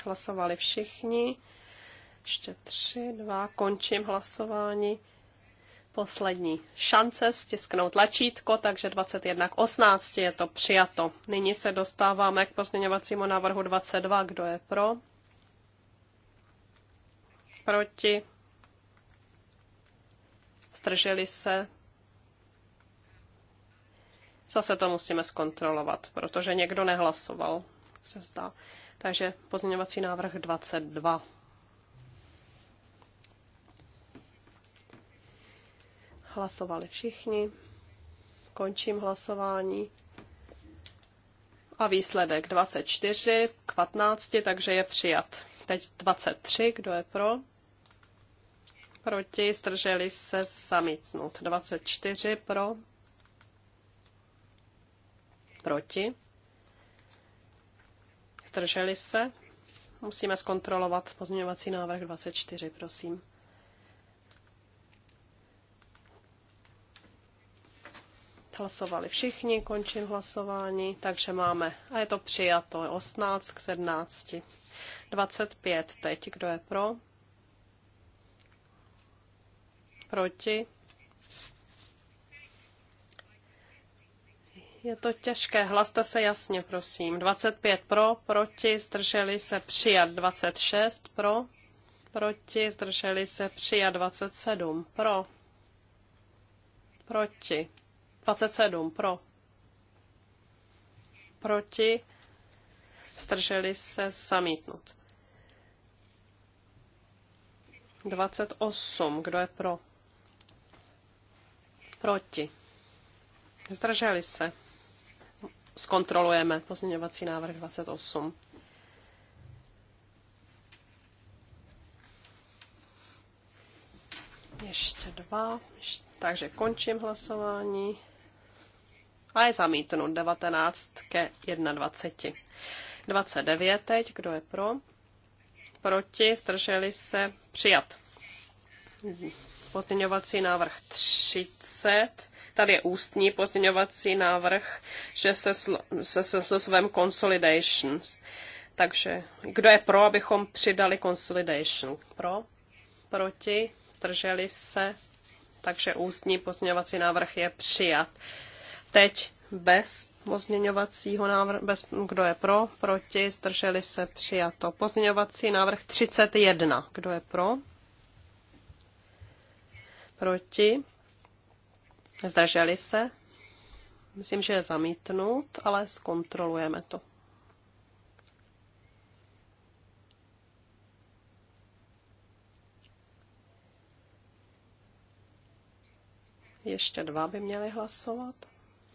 Hlasovali všichni. Ještě tři, dva, končím hlasování. Poslední šance stisknout tlačítko, takže 21 k 18 je to přijato. Nyní se dostáváme k pozměňovacímu návrhu 22. Kdo je pro? Proti? Zdrželi se? Zase to musíme zkontrolovat, protože někdo nehlasoval, se zdá. Takže pozměňovací návrh 22. Hlasovali všichni. Končím hlasování. A výsledek 24 k 15, takže je přijat. Teď 23, kdo je pro? Proti, zdrželi se samitnout. 24 pro. Proti Zdrželi se? Musíme zkontrolovat pozměňovací návrh 24, prosím. Hlasovali všichni, končím hlasování, takže máme, a je to přijato, 18 k 17. 25 teď, kdo je pro? Proti? Je to těžké, hlaste se jasně, prosím. 25 pro, proti, zdrželi se přijat 26 pro, proti, zdrželi se přijat 27 pro, proti, 27 pro, proti, zdrželi se zamítnut. 28, kdo je pro? Proti. Zdrželi se zkontrolujeme pozměňovací návrh 28. Ještě dva. Takže končím hlasování. A je zamítnut 19 ke 21. 29 teď, kdo je pro? Proti, zdrželi se, přijat. Pozměňovací návrh 30 tady je ústní pozměňovací návrh, že se, sl, se, se, se consolidations. Takže kdo je pro, abychom přidali consolidation? Pro? Proti? Zdrželi se? Takže ústní pozměňovací návrh je přijat. Teď bez pozměňovacího návrhu, bez, kdo je pro, proti, zdrželi se, přijato. Pozměňovací návrh 31, kdo je pro, proti, Zdrželi se? Myslím, že je zamítnut, ale zkontrolujeme to. Ještě dva by měli hlasovat.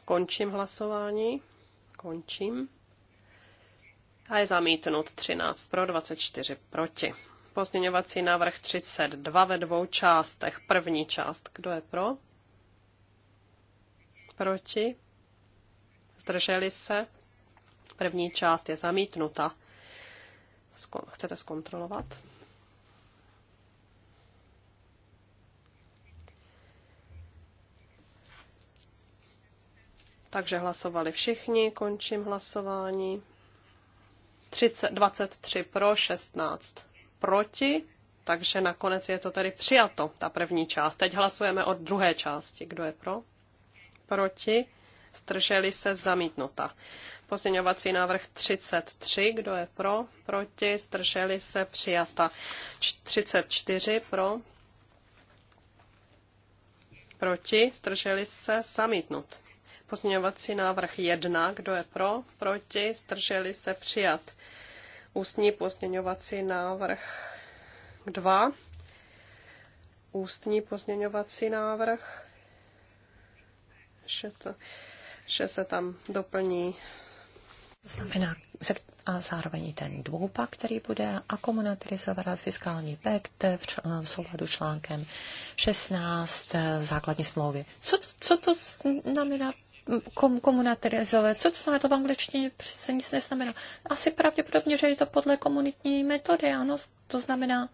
Končím hlasování. Končím. A je zamítnut 13 pro, 24 proti. Pozměňovací návrh 32 ve dvou částech. První část, kdo je pro? Proti? Zdrželi se? První část je zamítnuta. Chcete zkontrolovat? Takže hlasovali všichni, končím hlasování. 30, 23 pro, 16 proti, takže nakonec je to tedy přijato, ta první část. Teď hlasujeme o druhé části. Kdo je pro? proti, strželi se zamítnuta. Pozměňovací návrh 33, kdo je pro, proti, strželi se přijata. 34 pro, proti, strželi se zamítnut. Pozměňovací návrh 1, kdo je pro, proti, strželi se přijat. Ústní pozměňovací návrh 2. Ústní pozměňovací návrh že, to, že se tam doplní. To znamená, a zároveň ten dvoupak, který bude akumulativizovat fiskální pekt v, v souladu článkem 16 eh, základní smlouvy. Co, to, co to znamená kom, Co to znamená to v angličtině? Přece nic neznamená. Asi pravděpodobně, že je to podle komunitní metody, ano, to znamená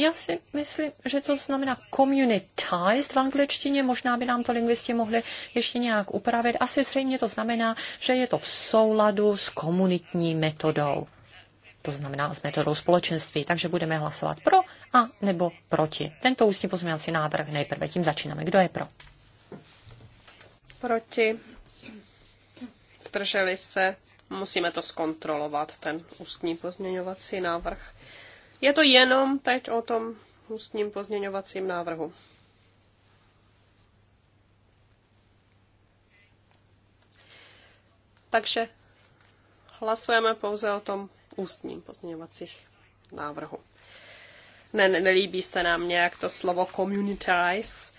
Já si myslím, že to znamená communitized v angličtině, možná by nám to lingvisti mohli ještě nějak upravit. Asi zřejmě to znamená, že je to v souladu s komunitní metodou. To znamená s metodou společenství, takže budeme hlasovat pro a nebo proti. Tento ústní pozměňovací návrh nejprve tím začínáme. Kdo je pro? Proti. Zdrželi se. Musíme to zkontrolovat, ten ústní pozměňovací návrh. Je to jenom teď o tom ústním pozměňovacím návrhu. Takže hlasujeme pouze o tom ústním pozměňovacích návrhu. Ne, ne, nelíbí se nám nějak to slovo communitize.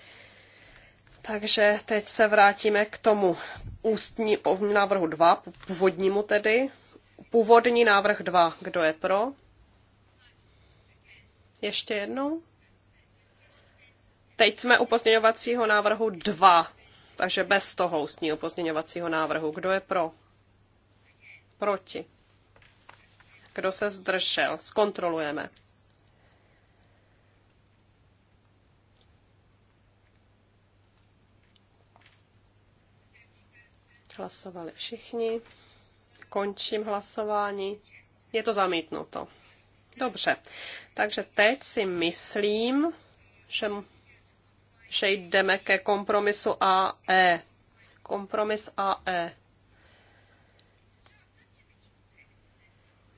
Takže teď se vrátíme k tomu ústní návrhu 2, původnímu tedy. Původní návrh 2, kdo je pro? Ještě jednou. Teď jsme u pozměňovacího návrhu 2, takže bez toho ústního pozměňovacího návrhu. Kdo je pro? Proti. Kdo se zdržel? Zkontrolujeme. Hlasovali všichni. Končím hlasování. Je to zamítnuto. Dobře, takže teď si myslím, že, že jdeme ke kompromisu AE. Kompromis AE.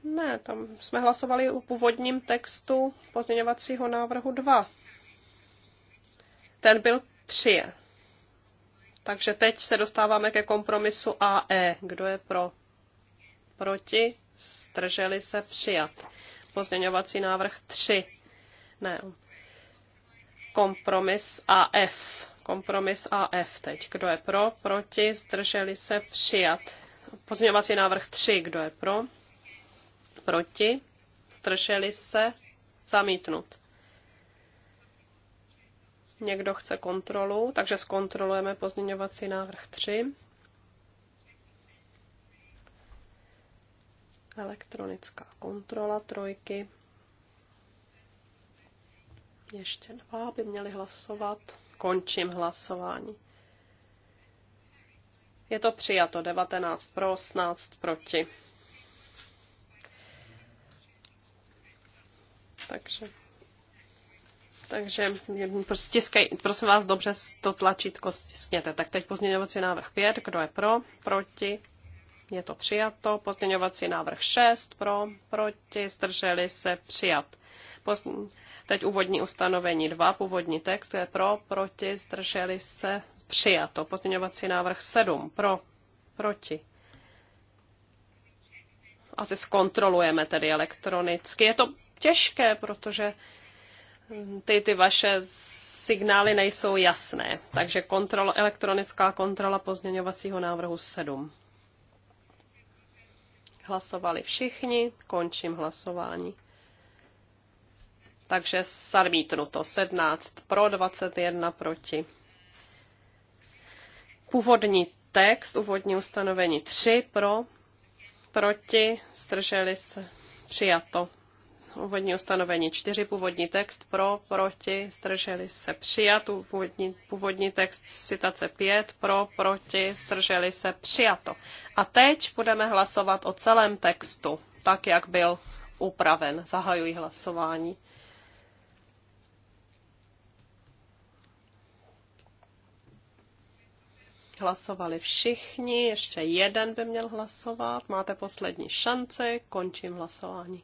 Ne, tam jsme hlasovali u původním textu pozměňovacího návrhu 2. Ten byl 3. Takže teď se dostáváme ke kompromisu AE. Kdo je pro? Proti? Strželi se přijat. Pozměňovací návrh 3. Ne. Kompromis AF. Kompromis AF teď. Kdo je pro? Proti? Zdrželi se? Přijat. Pozměňovací návrh 3. Kdo je pro? Proti? Zdrželi se? Zamítnut. Někdo chce kontrolu, takže zkontrolujeme pozměňovací návrh 3. Elektronická kontrola trojky. Ještě dva by měli hlasovat. Končím hlasování. Je to přijato 19 pro 18 proti. Takže, takže stiskej, prosím vás dobře to tlačítko stiskněte. Tak teď pozměňovací návrh 5. Kdo je pro? Proti? je to přijato. Pozměňovací návrh 6 pro, proti, zdrželi se, přijat. Poz... Teď úvodní ustanovení 2, původní text je pro, proti, zdrželi se, přijato. Pozměňovací návrh 7 pro, proti. Asi zkontrolujeme tedy elektronicky. Je to těžké, protože ty, ty vaše signály nejsou jasné. Takže kontrola, elektronická kontrola pozměňovacího návrhu 7. Hlasovali všichni, končím hlasování. Takže to 17 pro, 21 proti. Původní text, úvodní ustanovení 3 pro, proti, strželi se, přijato. Úvodní ustanovení 4, původní text pro, proti, zdrželi se přijat. Původní, původní text citace 5, pro, proti, zdrželi se přijato. A teď budeme hlasovat o celém textu, tak jak byl upraven. Zahajuji hlasování. hlasovali všichni, ještě jeden by měl hlasovat, máte poslední šanci, končím hlasování.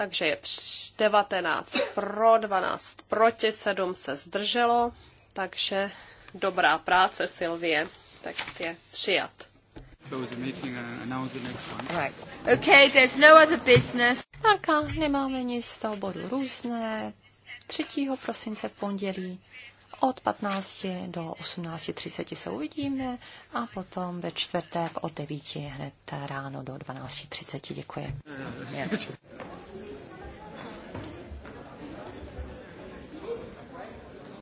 Takže je 19 pro, 12 proti, 7 se zdrželo, takže dobrá práce, Silvie. Text je přijat. No tak a nemáme nic z toho bodu různé. 3. prosince v pondělí od 15 do 18.30 se uvidíme a potom ve čtvrtek od 9 hned ráno do 12.30. Děkuji. Yeah.